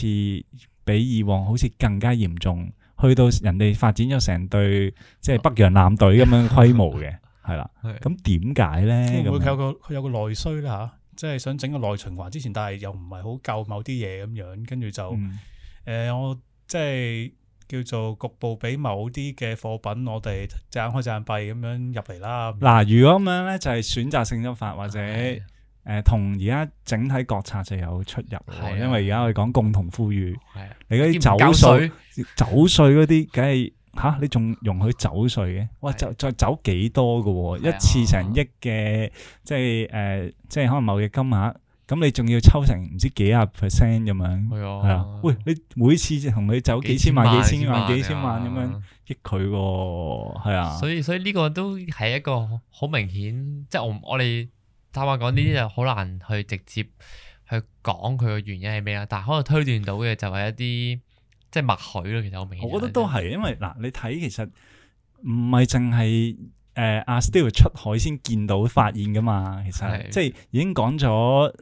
比以往好似更加嚴重，去到人哋發展咗成隊，即係北洋艦隊咁樣規模嘅，係啦、啊。咁點解咧？佢 有個佢有個內需啦，吓、啊，即、就、係、是、想整個內循環。之前但係又唔係好夠某啲嘢咁樣，跟住就誒、嗯呃，我即係。叫做局部俾某啲嘅貨品，我哋賺開賺幣咁樣入嚟啦。嗱，如果咁樣咧，就係選擇性執法或者誒，同而家整體國策就有出入咯。因為而家我哋講共同富裕，你嗰啲走稅走稅嗰啲，梗係嚇你仲容許走稅嘅？哇，再再走幾多㗎？一次成億嘅，即係誒，即係可能貿易金額。咁你仲要抽成唔知幾廿 percent 咁樣，係啊，喂！你每次同佢走幾千萬、幾千萬、幾千萬咁、啊、樣益佢喎，係啊，啊所，所以所以呢個都係一個好明顯，即係我我哋坦白講，呢啲就好難去直接去講佢嘅原因係咩啊。但係可能推斷到嘅就係一啲即係默許咯。其實好明顯，我覺得都係，因為嗱，你睇其實唔係淨係誒阿 Stewart 出海先見到發現噶嘛，其實的即係已經講咗。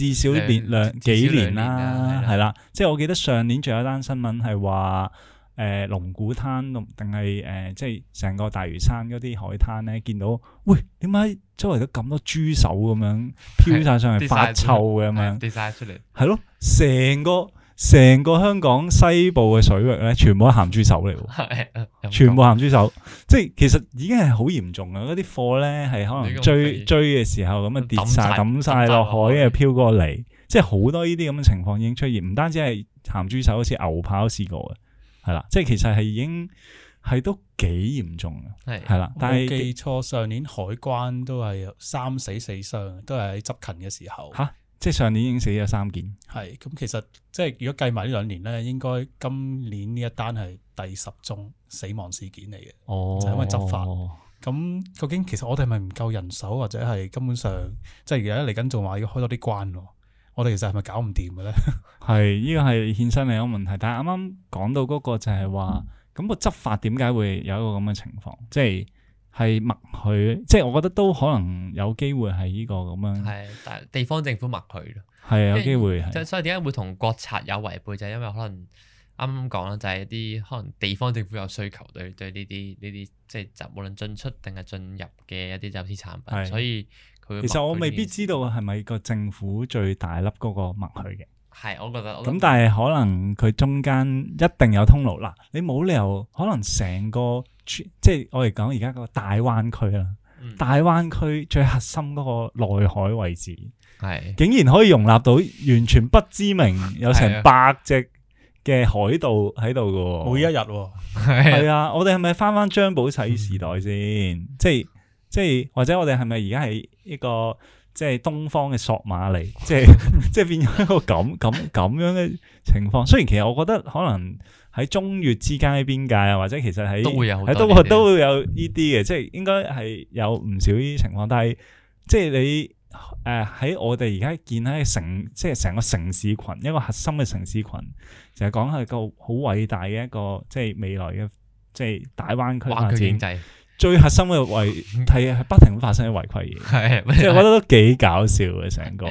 至少年兩幾年啦，係啦、啊，的的即係我記得上年仲有一單新聞係話，誒、呃、龍鼓灘定定係誒，即係成個大嶼山嗰啲海灘咧，見到喂，點解周圍都咁多豬手咁樣漂晒上去，的發臭嘅咁樣，跌晒出嚟，係咯，成個。成個香港西部嘅水域咧，全部係鹹豬手嚟喎，全部鹹豬手，即係其實已經係好嚴重啊！嗰啲貨咧係可能追追嘅時候咁啊跌晒，抌晒落海啊，漂過嚟，即係好多呢啲咁嘅情況已經出現，唔單止係鹹豬手，好似牛扒都試過嘅，係啦，即係其實係已經係都幾嚴重嘅，係啦。但係記錯上年海關都係三死四傷，都係喺執勤嘅時候。即係上年已經死咗三件，係咁其實即係如果計埋呢兩年咧，應該今年呢一單係第十宗死亡事件嚟嘅，哦、就係因為執法。咁究竟其實我哋係咪唔夠人手，或者係根本上即係而家嚟緊仲話要開多啲關？我哋其實係咪搞唔掂嘅咧？係依、 呢個係衍生嚟嘅問題，但係啱啱講到嗰個就係話，咁、嗯、個執法點解會有一個咁嘅情況？即係。係默許，即係我覺得都可能有機會係呢個咁樣。係，但地方政府默許咯。係啊是，為有機會係。即係所以點解會同國策有違背，就係、是、因為可能啱啱講啦，就係一啲可能地方政府有需求對對呢啲呢啲，即係就無論進出定係進入嘅一啲走私產品，是所以佢。其實我未必知道係咪個政府最大粒嗰個默許嘅。係，我覺得。咁但係可能佢中間一定有通路，嗱，你冇理由可能成個。即係我哋講，而家個大灣區啦，大灣區最核心嗰個內海位置，係的竟然可以容納到完全不知名有成百隻嘅海盜喺度噶，的每一日係啊！我哋係咪翻翻張保仔時代先、嗯？即係即係，或者我哋係咪而家係一個即係東方嘅索馬里？即係即係變咗一個咁咁咁樣嘅情況？雖然其實我覺得可能。喺中越之間啲邊界啊，或者其實喺喺都會有東都都會有呢啲嘅，即係應該係有唔少呢啲情況。但係即係你誒喺、呃、我哋而家建喺成即係成個城市群，一個核心嘅城市群，就係、是、講係個好偉大嘅一個即係未來嘅即係大灣區經濟。最核心嘅違係係不停咁發生啲違規嘢，即係我覺得都幾搞笑嘅，成個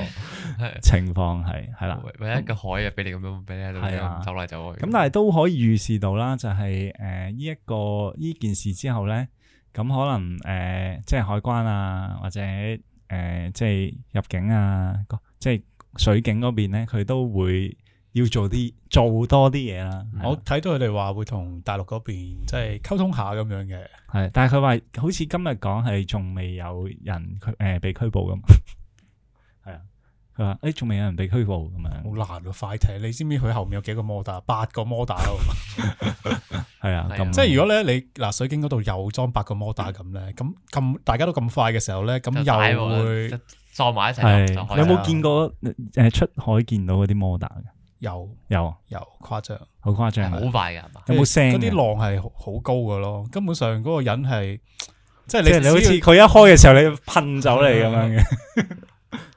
情況係係啦，為一個海啊俾你咁樣俾你喺度走嚟走去。咁但係都可以預示到啦，就係誒呢一個呢件事之後咧，咁可能誒即係海關啊，或者誒即係入境啊，即係水警嗰邊咧，佢都會，要做啲做多啲嘢啦，啊、我睇到佢哋話會同大陸嗰邊即係溝通下咁樣嘅，係，但係佢話好似今日講係仲未有人誒、呃、被拘捕咁，係啊，佢話誒仲未有人被拘捕咁啊，好難啊！快艇，你知唔知佢後面有幾個摩打？八個摩打咯，係 啊，嗯、即係如果咧你嗱、呃、水警嗰度又裝八個摩打咁咧，咁咁大家都咁快嘅時候咧，咁又會撞埋一齊，不不啊、有冇見過誒出海見到嗰啲摩打？是有有有誇張，好誇張，好快噶，係嘛，有冇聲？嗰啲浪係好高噶咯，根本上嗰個人係，即係你你好似佢一開嘅時候你噴你的，你要噴走嚟咁樣嘅。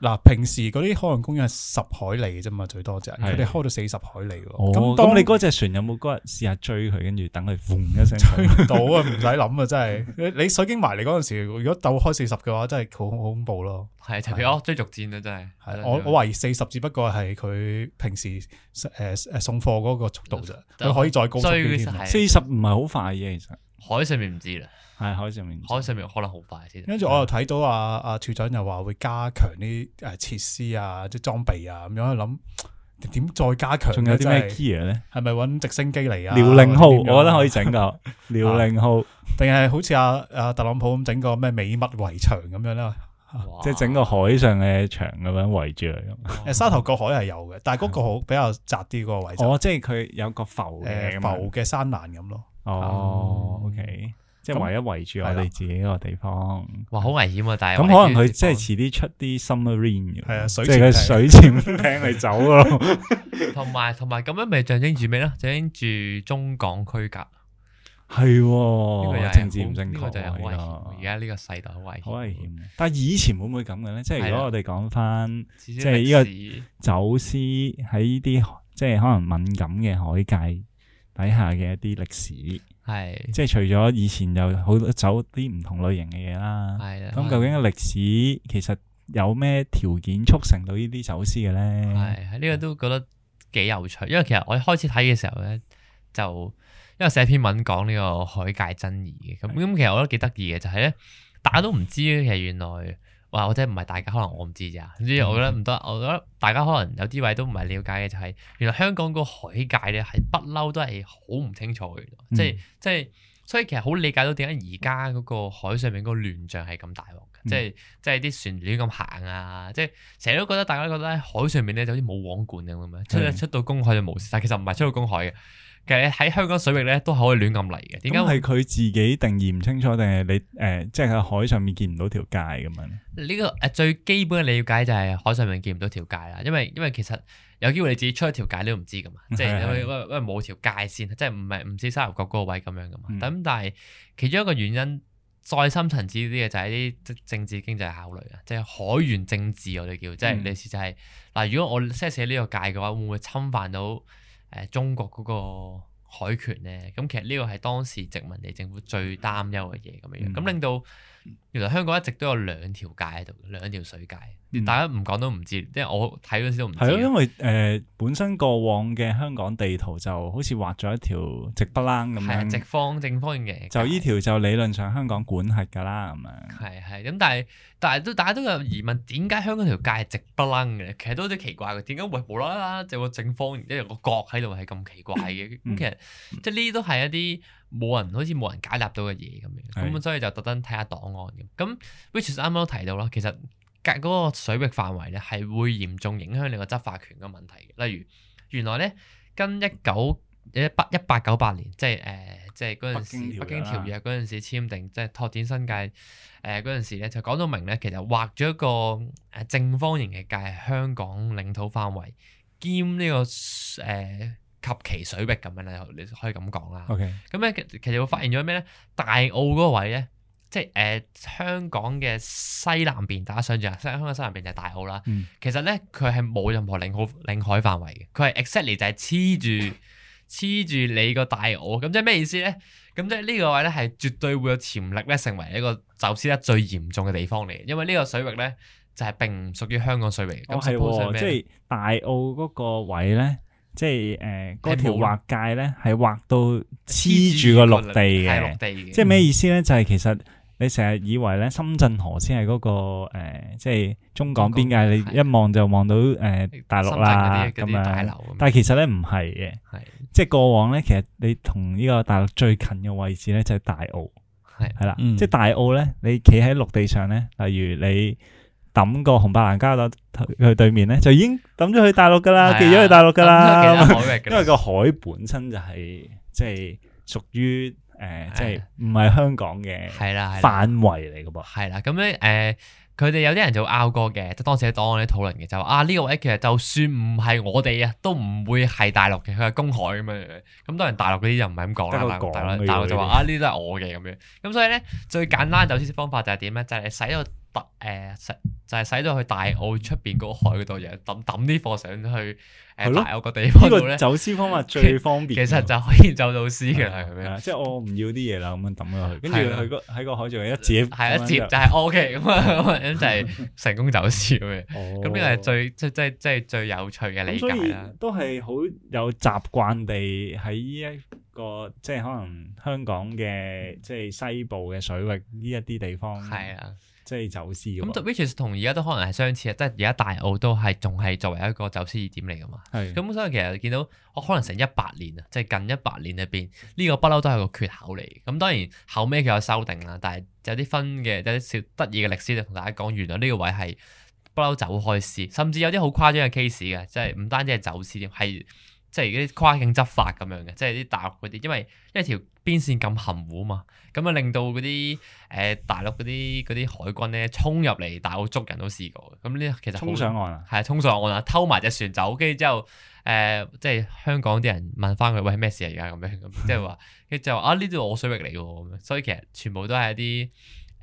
嗱，平時嗰啲海洋公園係十海里嘅啫嘛，最多啫。佢哋開到四十海里，咁當你嗰隻船有冇嗰日試下追佢，跟住等佢轟一聲，追唔到啊，唔使諗啊，真係你水警埋嚟嗰陣時，如果鬥開四十嘅話，真係好恐怖咯。係特別哦，追逐戰啊，真係。我我懷疑四十只不過係佢平時誒誒送貨嗰個速度啫，佢可以再高啲添。四十唔係好快嘅，其實海上面唔知啦。係海上面，海上面可能好快先。跟住我又睇到阿阿處長又話會加強啲誒設施啊，即係裝備啊咁樣，去諗點再加強？仲有啲咩 gear 咧？係咪揾直升機嚟啊？遼寧號我覺得可以整噶，遼寧號定係好似阿阿特朗普咁整個咩美墨圍牆咁樣咧？即係整個海上嘅牆咁樣圍住佢咁。誒，沙頭角海係有嘅，但係嗰個好比較窄啲個圍。哦，即係佢有個浮嘅浮嘅山欄咁咯。哦，OK。即係唯一圍住我哋自己個地方，哇，好危險啊！但係咁可能佢即係遲啲出啲 submarine，係啊，即係佢水潛艇嚟走咯。同埋同埋咁樣咪象徵住咩咧？象徵住中港區隔係，政治唔正確咯。而家呢個世代好危險，好危險。但係以前會唔會咁嘅咧？即係如果我哋講翻，即係呢個走私喺呢啲即係可能敏感嘅海界底下嘅一啲歷史。係，是即係除咗以前又好走啲唔同類型嘅嘢啦。係啦的，咁究竟個歷史其實有咩條件促成到呢啲走私嘅咧？係，呢、這個都覺得幾有趣，因為其實我開始睇嘅時候咧，就因為寫篇文講呢個海界爭議嘅，咁咁的其實我覺得幾得意嘅就係、是、咧，大家都唔知其實原來。或者唔係大家可能我唔知咋，唔知、嗯、我覺得唔得，我覺得大家可能有啲位都唔係了解嘅，就係、是、原來香港個海界咧係不嬲都係好唔清楚嘅、嗯，即係即係，所以其實好理解到點解而家嗰個海上面嗰個亂象係咁大鑊嘅，即係即係啲船亂咁行啊，即係成日都覺得大家都覺得喺海上面咧就好似冇王管咁樣，出出到公海就冇事，嗯、但其實唔係出到公海嘅。喺香港水域咧都可以亂咁嚟嘅，點解？係佢自己定義唔清楚，定係你誒，即係喺海上面見唔到條界咁樣？呢、這個誒、呃、最基本嘅理解就係海上面見唔到條界啦，因為因為其實有機會你自己出一條界你都唔知噶嘛，即係是是 因為因為冇條界線，即係唔係唔知沙頭角嗰個位咁樣噶嘛。咁、嗯、但係其中一個原因再深層次啲嘅就係啲政治經濟考慮啊，即係海緣政治我哋叫，嗯、即係你似就係嗱，嗯、如果我 set 死呢個界嘅話，會唔會侵犯到？誒中國嗰個海權咧，咁其實呢個係當時殖民地政府最擔憂嘅嘢咁樣，咁、嗯、令到原來香港一直都有兩條界喺度，兩條水界。大家唔講都唔知，即係我睇嗰時都唔知。係咯，因為誒本身過往嘅香港地圖就好似畫咗一條直不楞咁樣，係啊，直方正方形嘅。就呢條就理論上香港管轄㗎啦，咁樣。係係，咁但係但係都大家都有疑問，點解香港條街係直不楞嘅？其實都有啲奇怪嘅，點解會無啦啦就個正方形，然之有個角喺度係咁奇怪嘅？咁其實即係呢啲都係一啲冇人好似冇人解答到嘅嘢咁樣。咁所以就特登睇下檔案咁。咁 Rich 啱啱都提到啦，其實。隔嗰個水域範圍咧，係會嚴重影響你個執法權嘅問題。例如，原來咧，跟一九一八一八九八年，即係誒、呃，即係嗰陣時北京條約嗰陣時簽訂，即係拓展新界誒嗰陣時咧，就講到明咧，其實畫咗一個誒正方形嘅界，香港領土範圍兼呢、呢個誒、呃、及其水域咁樣咧，你可以咁講啦。OK，咁咧其實會發現咗咩咧？大澳嗰個位咧？即係誒、呃、香港嘅西南邊，大家想住啊，香港西南邊就係大澳啦。嗯、其實咧，佢係冇任何領海領海範圍嘅，佢係 exactly 就係黐住黐住你個大澳。咁即係咩意思咧？咁即係呢個位咧係絕對會有潛力咧，成為一個走私得最嚴重嘅地方嚟。因為呢個水域咧就係、是、並唔屬於香港水域。哦，係喎、嗯嗯，即係大澳嗰個位咧，即係誒嗰條劃界咧係劃到黐住個陸地嘅，陸地嘅、嗯，即係咩意思咧？就係其實。你成日以為咧深圳河先係嗰個誒，即係中港邊界，你一望就望到誒大陸啦。咁啊，大樓，但係其實咧唔係嘅，即係過往咧，其實你同呢個大陸最近嘅位置咧就係大澳，係啦，即係大澳咧，你企喺陸地上咧，例如你揼個紅白藍膠袋去對面咧，就已經揼咗去大陸㗎喇，見咗去大陸㗎喇，因為個海本身就係即係屬於。誒、呃，即係唔係香港嘅範圍嚟嘅噃，係啦。咁咧誒，佢哋、嗯、有啲人就拗過嘅，即當時喺檔案啲討論嘅就話啊，呢、呢個位其實就算唔係我哋啊，都唔會係大陸嘅，佢係公海咁樣。咁當然大陸嗰啲就唔係咁講啦，大陸就話啊，呢啲都係我嘅咁樣。咁、嗯、所以咧，最簡單就啲方法就係點咧，就係使到。誒，使、嗯、就係使咗去大澳出邊嗰海度，日日抌抌啲貨上去大澳個地方。係咯，呢、這個走私方法最方便其，其實就可以走到私嘅啦。咁啊，即係、就是、我唔要啲嘢啦，咁樣抌落去，跟住佢喺個海上面一接係一接就係 O K 咁啊，就係、是 OK，哦就是、成功走私嘅。咁呢個係最即係即係即係最有趣嘅理解啦。都係好有習慣地喺呢一個即係可能香港嘅即係西部嘅水域呢一啲地方係啊。的即係走私咁，which is 同而家都可能係相似啊！即係而家大澳都係仲係作為一個走私熱點嚟噶嘛。係是。咁、嗯、所以其實見到我可能成、就是這個、一百年啊，即係近一百年入邊，呢個不嬲都係個缺口嚟。咁、嗯、當然後尾佢有修訂啦，但係有啲分嘅，有啲小得意嘅歷史，就同大家講，原來呢個位係不嬲走開市，甚至有啲好誇張嘅 case 嘅，即係唔單止係走私，係。即係啲跨境執法咁樣嘅，即係啲大陸嗰啲，因為因為條邊線咁含糊啊嘛，咁啊令到嗰啲誒大陸嗰啲啲海軍咧衝入嚟，大澳捉人都試過，咁呢其實好上岸啊，係啊，衝上岸啊，岸偷埋隻船走，跟住之後誒、呃，即係香港啲人問翻佢，喂，咩事啊而家咁樣，即係話，跟住 就話啊呢度我水域嚟喎，咁樣，所以其實全部都係一啲。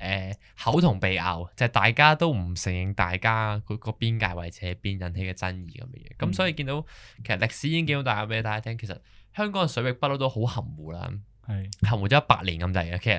誒口同鼻拗，就係、是、大家都唔承認，大家個邊界位置喺邊引起嘅爭議咁嘅嘢。咁、嗯、所以見到其實歷史已經見到大家俾大家聽，其實香港嘅水域不嬲都好含糊啦，是含糊咗百年咁大嘅咁滯嘅。其實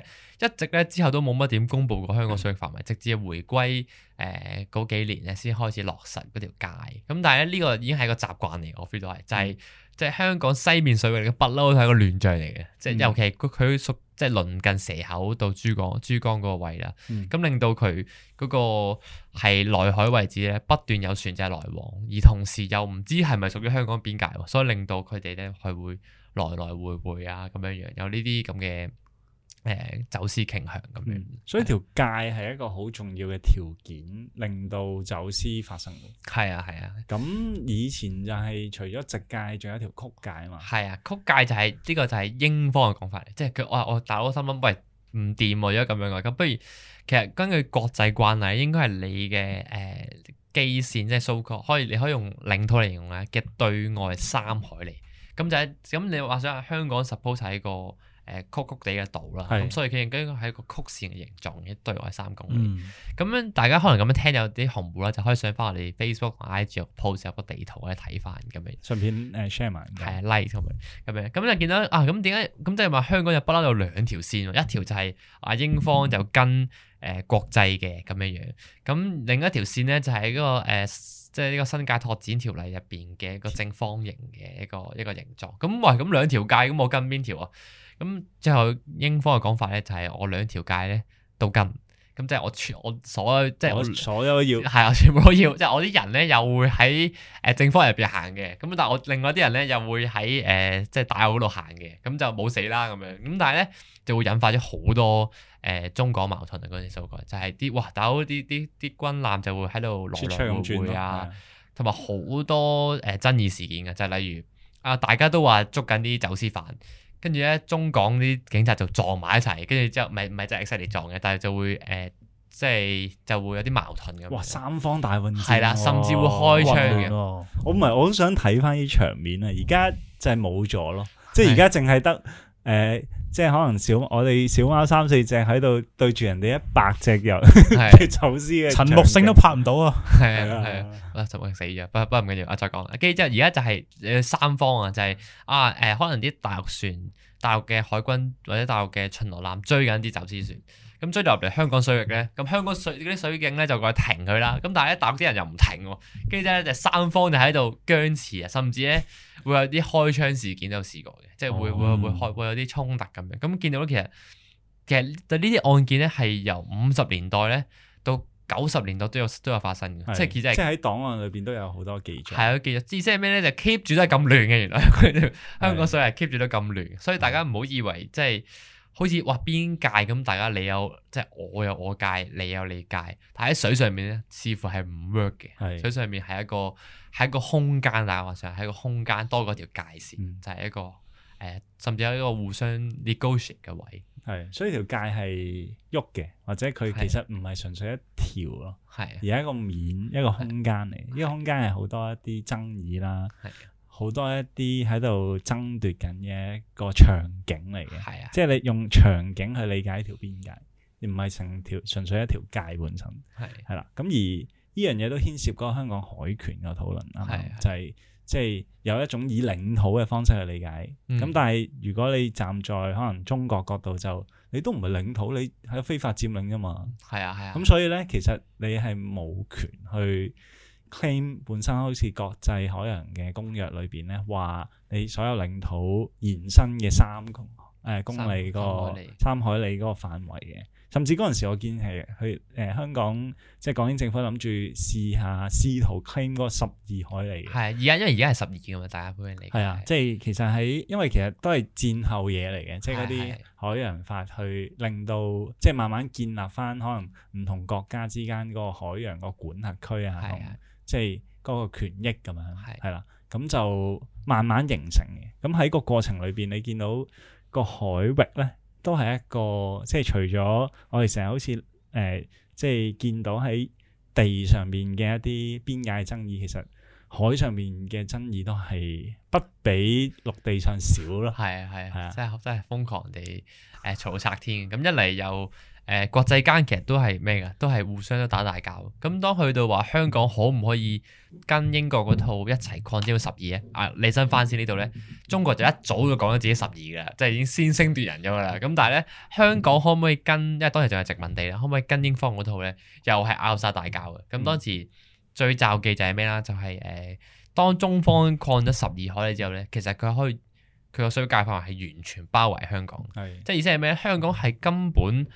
一直咧之後都冇乜點公布過香港水域範圍，嗯、直至回歸誒嗰、呃、幾年咧先開始落實嗰條界。咁但係咧呢、這個呢個已經係一個習慣嚟，我 feel 到係就係、是。嗯即係香港西面水域嘅不嬲都係一個亂象嚟嘅，即係、嗯、尤其佢佢屬即係鄰近蛇口到珠江珠江嗰個位啦，咁、嗯、令到佢嗰個係內海位置咧，不斷有船隻來往，而同時又唔知係咪屬於香港邊界，所以令到佢哋咧係會來來回回啊咁樣樣，有呢啲咁嘅。誒，走私傾向咁樣，嗯、是所以條界係一個好重要嘅條件，令到走私發生。係啊，係啊。咁以前就係除咗直界，仲有條曲界啊嘛。係啊，曲界就係、是、呢、這個就係英方嘅講法嚟，即係佢我我大佬心諗喂，唔掂啊，如果咁樣嘅，咁不如其實根據國際慣例，應該係你嘅誒，基、呃、綫即係 so-called, 可以你可以用領土嚟形容咧嘅對外三海里。咁就係、是、咁，你話想香港 suppose 係一個。誒、呃、曲曲地嘅島啦，咁、嗯、所以佢應該係一個曲線嘅形狀，一堆落三公里咁樣、嗯、大家可能咁樣聽有啲紅布啦，就可以上翻我哋 Facebook 同 IG 有 post 有個地圖咧睇翻咁樣。看看順便誒 share 埋，係啊 like 咁樣咁樣。咁就見到啊，咁點解咁即係話香港就不嬲有兩條線，一條就係啊英方就跟誒、嗯呃、國際嘅咁樣樣，咁另一條線咧就係、是、嗰、那個即係呢個新界拓展條例入邊嘅一個正方形嘅一個一個形狀。咁喂，咁兩條界咁我跟邊條啊？咁之後，英方嘅講法咧就係我兩條街咧都跟，咁即係我全我所有即係、就是、所有要係啊，全部都要，即係我啲、就是、人咧又會喺誒、呃、正方入邊行嘅，咁但係我另外啲人咧又會喺誒、呃、即係大澳度行嘅，咁就冇死啦咁樣。咁但係咧就會引發咗好多誒、呃、中港矛盾啊！嗰啲數據就係、是、啲哇大澳」啲啲啲軍艦就會喺度來來回回啊，同埋好多誒、呃、爭議事件嘅，就係、是、例如啊、呃，大家都話捉緊啲走私犯。跟住咧，中港啲警察就撞埋一齊，跟住之後，咪係唔係真係犀利撞嘅，但係就會誒、呃，即係就會有啲矛盾咁。哇！三方大混戰，哦，係啦，甚至會開槍嘅，哦哦嗯嗯。我唔係，我都想睇翻啲場面啊！而家就係冇咗咯，即係而家淨係得。誒、呃，即係可能小我哋小貓三四隻喺度對住人哋一百隻，又係走私嘅，陳木勝都拍唔到啊！係啊係啊，啊陳木勝死咗，不不唔緊要啊，我再講，跟住之後而家就係三方啊，就係啊誒，可能啲大陸船、大陸嘅海軍或者大陸嘅巡邏艦追緊啲走私船。咁追到入嚟香港水域咧，咁香港水啲水警咧就過去停佢啦。咁但係一大陸啲人又唔停喎，跟住咧就三方就喺度僵持啊，甚至咧會有啲開槍事件都有試過嘅，即係會、哦、會會開會有啲衝突咁樣。咁見到咧，其實其實對呢啲案件咧係由五十年代咧到九十年代都有都有發生嘅，即係是其實即係喺檔案裏邊都有好多記載。係啊，記載，即係咩咧？就 keep 住都係咁亂嘅。原來，原來香港水域係 keep 住都咁亂，的所以大家唔好以為即係。好似劃邊界咁，大家你有即係、就是、我有我界，你有你界。但喺水上面咧，似乎係唔 work 嘅。是水上面係一個係一個空間，大家話上係一個空間多過條界線，嗯、就係一個誒、呃，甚至有一個互相 negotiate 嘅位。係，所以條界係喐嘅，或者佢其實唔係純粹一條咯，是而係一個面是一個空間嚟。呢是個空間係好多一啲爭議啦。好多一啲喺度爭奪緊嘅一個場景嚟嘅，係啊，即係你用場景去理解呢條邊界，而唔係成條純粹一條界本身，係係啦。咁、啊、而呢樣嘢都牽涉過香港海權嘅討論啊，啊就係即係有一種以領土嘅方式去理解。咁、啊、但係如果你站在可能中國角度就，就你都唔係領土，你係非法佔領㗎嘛。係啊係啊。咁所以咧，其實你係冇權去。claim 本身好似國際海洋嘅公約裏邊咧，話你所有領土延伸嘅三公誒、嗯、公里，個三海里嗰個範圍嘅，甚至嗰陣時我見係去誒香港，即係港英政府諗住試下試圖 claim 嗰十二海里嘅，係而家因為而家係十二嘅嘛，大家普遍嚟，係啊，即係其實喺因為其實都係戰後嘢嚟嘅，即係嗰啲海洋法去令到，即係慢慢建立翻可能唔同國家之間嗰個海洋個管轄區啊。即係嗰個權益咁樣，係啦的，咁就慢慢形成嘅。咁喺個過程裏邊，你見到個海域呢，都係一個即係除咗我哋成日好似誒，即係、呃、見到喺地上面嘅一啲邊界爭議，其實海上面嘅爭議都係不比陸地上少咯。係啊係啊，的的真係真係瘋狂地誒嘈、呃、拆天。咁一嚟又。誒國際間其實都係咩噶？都係互相都打大交。咁當去到話香港可唔可以跟英國嗰套一齊擴招十二啊？你升翻先呢度咧，中國就一早就講咗自己十二噶啦，即、就、係、是、已經先聲奪人咗啦。咁但係咧，香港可唔可以跟？因為當時仲係殖民地啦，可唔可以跟英方嗰套咧？又係拗晒大交嘅。咁當時最罩忌就係咩啦？就係、是、誒、呃，當中方擴咗十二海里之後咧，其實佢可以佢個水界範圍係完全包圍香港，即係的意思係咩？香港係根本。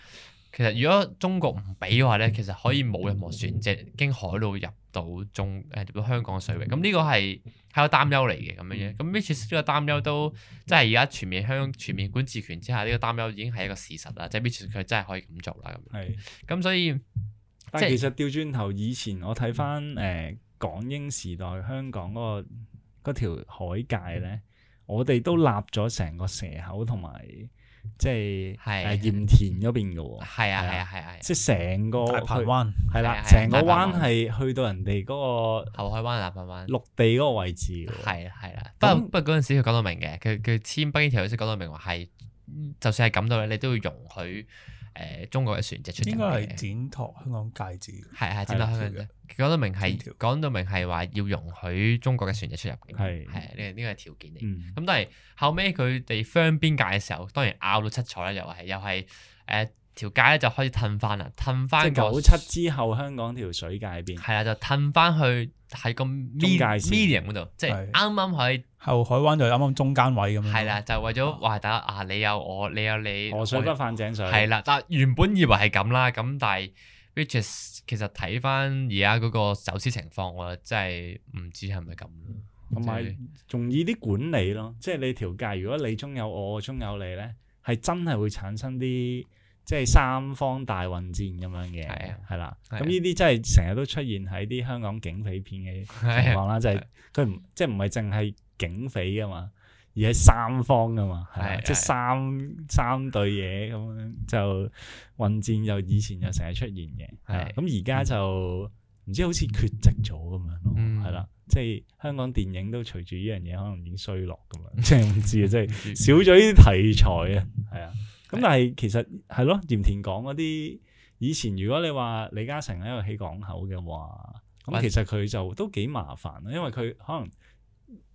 其實如果中國唔俾嘅話咧，其實可以冇任何船隻經海路入到中，誒入到香港水域。咁呢個係係個擔憂嚟嘅咁樣嘅。咁 w i 呢個擔憂都即係而家全面香全面管治權之下，呢、呢個擔憂已經係一個事實啦。即係 w i 佢真係可以咁做啦咁樣。咁係所以，但係其實掉轉頭以前我，我睇翻誒港英時代香港嗰、嗰個嗰條海界咧，嗯、我哋都立咗成個蛇口同埋。即係鹽田嗰邊嘅喎，係啊係啊係啊，即係成個台灣係啦，成個灣係去到人哋嗰個後海灣、南灣陸地嗰個位置嘅，係係啦。不過不過嗰陣時佢講到明嘅，佢佢簽北京條約時講到明話係，就算係咁到咧，你都要容許。誒、呃，中國嘅船隻出入？應該係展拓香港界址？係係展拓香港嘅。講到的明係講到明係話要容許中國嘅船隻出入嘅。係係呢個呢個條件嚟。咁、嗯、但係後尾，佢哋翻邊界嘅時候，當然拗到七彩、就、啦、是。又係又係誒，條界咧就開始褪翻啦，褪翻九七之後香港條水界喺邊？係啦，就褪翻去。喺咁 me, medium 嗰度，即係啱啱喺後海灣就啱啱中間位咁樣。係啦，就為咗話大家啊，你有我，你有你，我想得犯井水。係啦，但原本以為係咁啦，咁但係 r i c h e s 其實睇翻而家嗰個走私情況，我真係唔知係咪係咁。同埋仲依啲管理咯，即係你條界，如果你中有我，我中有你咧，係真係會產生啲。即係三方大混戰咁樣嘅，係啊，係啦。咁呢啲真係成日都出現喺啲香港警匪片嘅情況啦，就係佢唔即係唔係淨係警匪噶嘛，而係三方噶嘛，係即係三三對嘢咁樣就混戰，就以前就成日出現嘅，係。咁而家就唔知好似缺席咗咁樣囉，係啦，即係香港電影都隨住呢樣嘢可能已經衰落咁樣，即係唔知啊，即係少咗啲題材啊，係啊。咁、嗯、但係其實係咯，鹽田港嗰啲以前如果你話李嘉誠喺度起港口嘅話，咁、嗯、其實佢就都幾麻煩咯，因為佢可能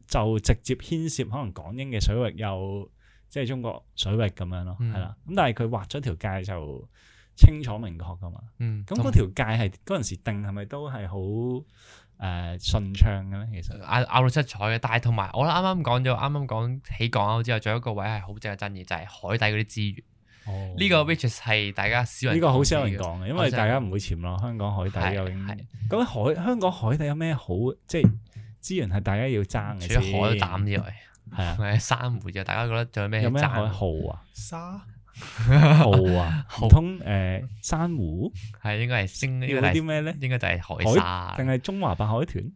就直接牽涉可能港英嘅水域又，又即係中國水域咁樣咯，係啦、嗯。咁但係佢劃咗條界就清楚明確噶嘛。嗯，咁嗰條界係嗰陣時定係咪都係好誒順暢嘅咧？其實拗拗六七彩嘅，但係同埋我啱啱講咗，啱啱講起港口之後，仲有一個位係好正嘅爭議，就係、是、海底嗰啲資源。呢個 which 係大家少人呢個好少人講嘅，因為大家唔會潛落。香港海底究竟係咁海，香港海底有咩好？即係資源係大家要爭嘅。除咗海膽之外，係啊，珊瑚，就大家覺得仲有咩？有咩海蚝啊？沙蚝啊？唔通誒？珊瑚係應該係星？有啲咩咧？應該就係海沙，定係中華白海豚？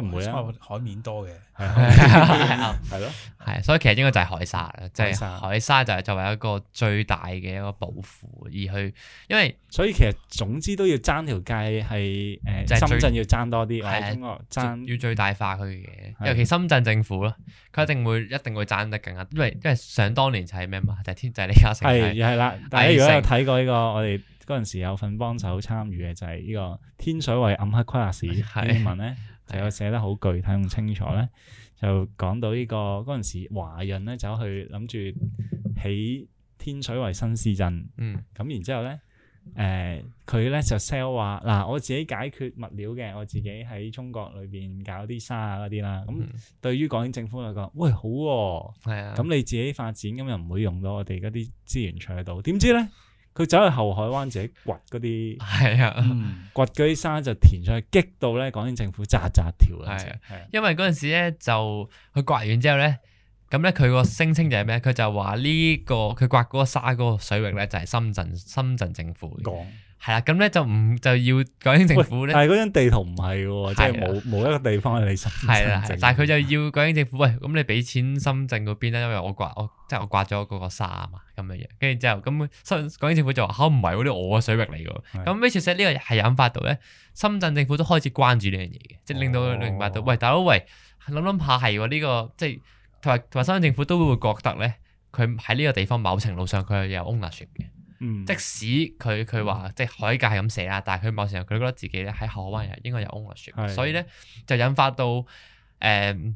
唔會啊！海面多嘅，係咯，係，所以其實應該就係海沙啦，即係海，沙海沙就係作為一個最大嘅一個保護，而去，因為所以其實總之都要爭條街，係誒、呃、深圳要爭多啲，我的要，要最大化佢嘅，尤其深圳政府咯，佢一定會的一定會爭得更加。因為因為想當年就係咩嘛，就係、是、天、就係李嘉誠係係啦。但係如果有睇過呢、這個性我哋嗰陣時有份幫手參與嘅就係呢、這個天水圍暗黑規劃史文咧。 就有寫得好具體咁清楚咧，就講到呢、這個嗰陣時華潤咧走去諗住起天水圍新市鎮，咁、嗯、然之後咧，誒佢咧就 sell 話嗱，我自己解決物料嘅，我自己喺中國裏邊搞啲沙啊嗰啲啦。咁、嗯、對於港英政府嚟講，喂好喎、啊，咁、嗯、你自己發展咁又唔會用到我哋嗰啲資源喺度，點知咧？佢走去後海灣自己掘嗰啲，係啊，嗯、掘嗰啲沙就填上去，激到咧廣東政府炸炸跳啊！係啊，因為嗰陣時咧就佢刮完之後咧，咁咧佢個聲稱就係咩？佢就話呢個佢刮嗰個沙嗰個水域咧就係深圳深圳政府講。係啦，咁咧就唔就要港英政府咧，但係嗰張地圖唔係喎，對即係冇冇一個地方係深圳。係啦對，但係佢就要港英政府，喂，咁你俾錢深圳嗰邊啦，因為我刮，我即係我刮咗嗰個沙啊嘛，咁樣嘢。跟住之後，咁深港英政府就話，好，啊，唔係嗰啲我嘅水域嚟㗎。咁於是的，set 呢個係引發到咧，深圳政府都開始關注呢樣嘢嘅，即係令到佢明白到，喂大佬，喂諗諗下係喎，呢、呢個即係同埋同埋深圳政府都會會覺得咧，佢喺呢個地方某程度上佢係有 ownership 嘅。即使佢，佢話即係海界係咁寫啦，但係佢某時候佢覺得自己咧喺海灣入應該有 ownership，的所以咧就引發到誒。呃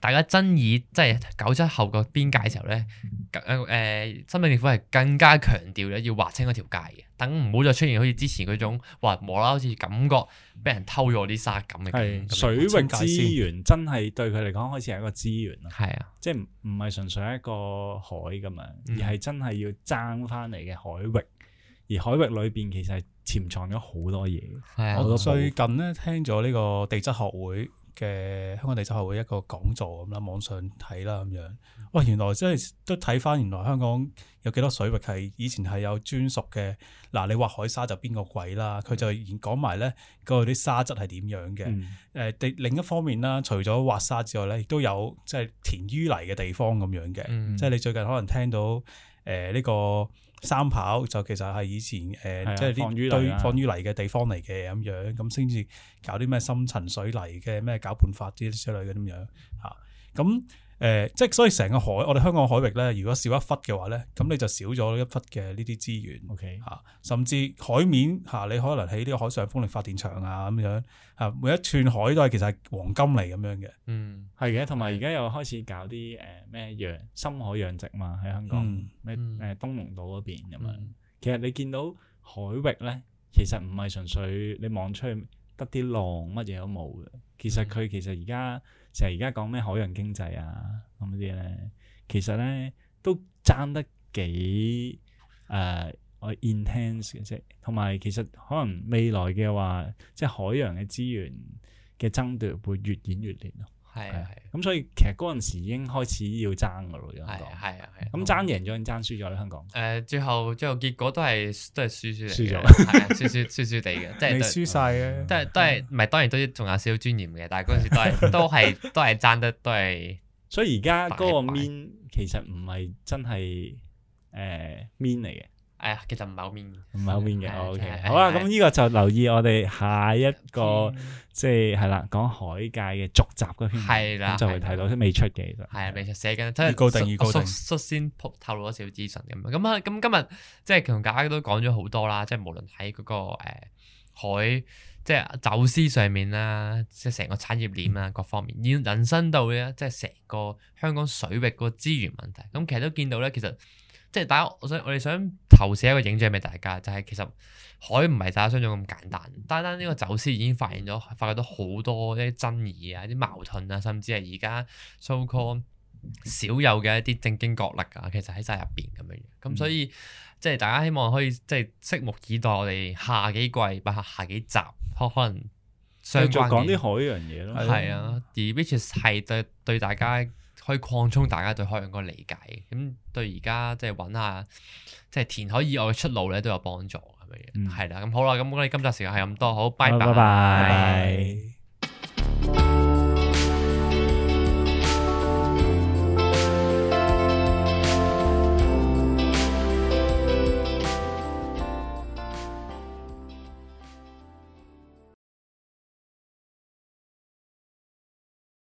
大家爭議即係九七後個邊界嘅時候咧，誒誒、嗯，新、呃、政府係更加強調咧要劃清嗰條界嘅，等唔好再出現好似之前嗰種嘩無啦啦好似感覺俾人偷咗啲沙咁嘅。是水域資源真係對佢嚟講開始係一個資源係啊，即係唔唔係純粹一個海咁啊，而係真係要爭翻嚟嘅海域，嗯、而海域裏邊其實係潛藏咗好多嘢。係啊，我最近咧、嗯、聽咗呢個地質學會。嘅香港地質學會一個講座咁啦，網上睇啦咁樣，哇，原來即係都睇翻原來香港有幾多水域係以前係有專屬嘅，嗱、啊、你挖海沙就邊個鬼啦？佢就講埋咧嗰度啲沙質係點樣嘅？誒、嗯，第、呃、另一方面啦，除咗挖沙之外咧，亦都有即係填淤泥嘅地方咁樣嘅，嗯、即係你最近可能聽到誒呢、呃呢個。三跑就其實係以前誒，呃啊、即係啲堆放淤泥嘅地方嚟嘅咁樣，咁先至搞啲咩深層水泥嘅咩攪拌法之類嘅咁樣嚇，咁、啊。誒，即係、呃、所以成個海，我哋香港海域咧，如果少一忽嘅話咧，咁你就少咗一忽嘅呢啲資源。嚇 Okay.、啊，甚至海面嚇、啊，你可能喺呢個海上風力發電場啊，咁樣嚇，每一寸海都係其實係黃金嚟咁樣嘅。嗯，係嘅。同埋而家又開始搞啲誒咩養深海養殖嘛，喺香港誒、嗯、東龍島嗰邊咁樣、嗯。其實你見到海域咧，其實唔係純粹你望出去得啲浪，乜嘢都冇嘅。其實佢其實而家。就而家講咩海洋經濟啊，咁啲咧，其實咧都爭得幾我 intense 嘅啫，同、呃、埋其實可能未來嘅話，即係海洋嘅資源嘅爭奪會越演越烈咯。係啊，咁的所以其實嗰陣時已經開始要爭噶咯，咁講。係啊，係啊，咁爭贏咗，爭輸咗咧，香港。誒、呃，最後最後結果都係都係輸輸嚟，輸咗了，輸輸輸輸地嘅，即係。輸晒嘅。都係 都係，唔係當然都仲有少少尊嚴嘅，但係嗰陣時都係都係都係爭得都係。所以而家嗰個 mean 其實唔係真係誒 mean 嚟嘅。哎呀，其實唔係好面嘅，唔係好面嘅，O K，好啦，咁呢個就留意我哋下一個，即係係啦，講海界嘅續集嗰篇，係啦，就提到未出嘅，其實係啊，未出寫緊，預告定預告，率先透露咗少資訊咁咁啊，咁今日即係同大家都講咗好多啦，即係無論喺嗰個誒海，即係走私上面啦，即係成個產業鏈啊，各方面，連引申到嘅，即係成個香港水域嗰資源問題，咁其實都見到咧，其實。即係大家，我想我哋想投射一個影像俾大家，就係、是、其實海唔係大家想像咁簡單，單單呢個走私已經發現咗，發覺到好多一啲爭議啊、啲矛盾啊，甚至係而家 so call 少有嘅一啲政經角力啊，其實喺晒入邊咁樣，咁所以即係、嗯、大家希望可以即係、就是、拭目以待，我哋下幾季吧，下幾集可可能相。再講啲海洋嘢咯，係、嗯、啊。嗯、而 which 係對對，對大家。可以擴充大家對海洋嗰個理解嘅，咁對而家即係揾下即係填海以外嘅出路咧，都有幫助咁樣，係啦。咁、嗯、好啦，咁我哋今集時間係咁多，好，拜拜，拜拜。拜拜拜拜。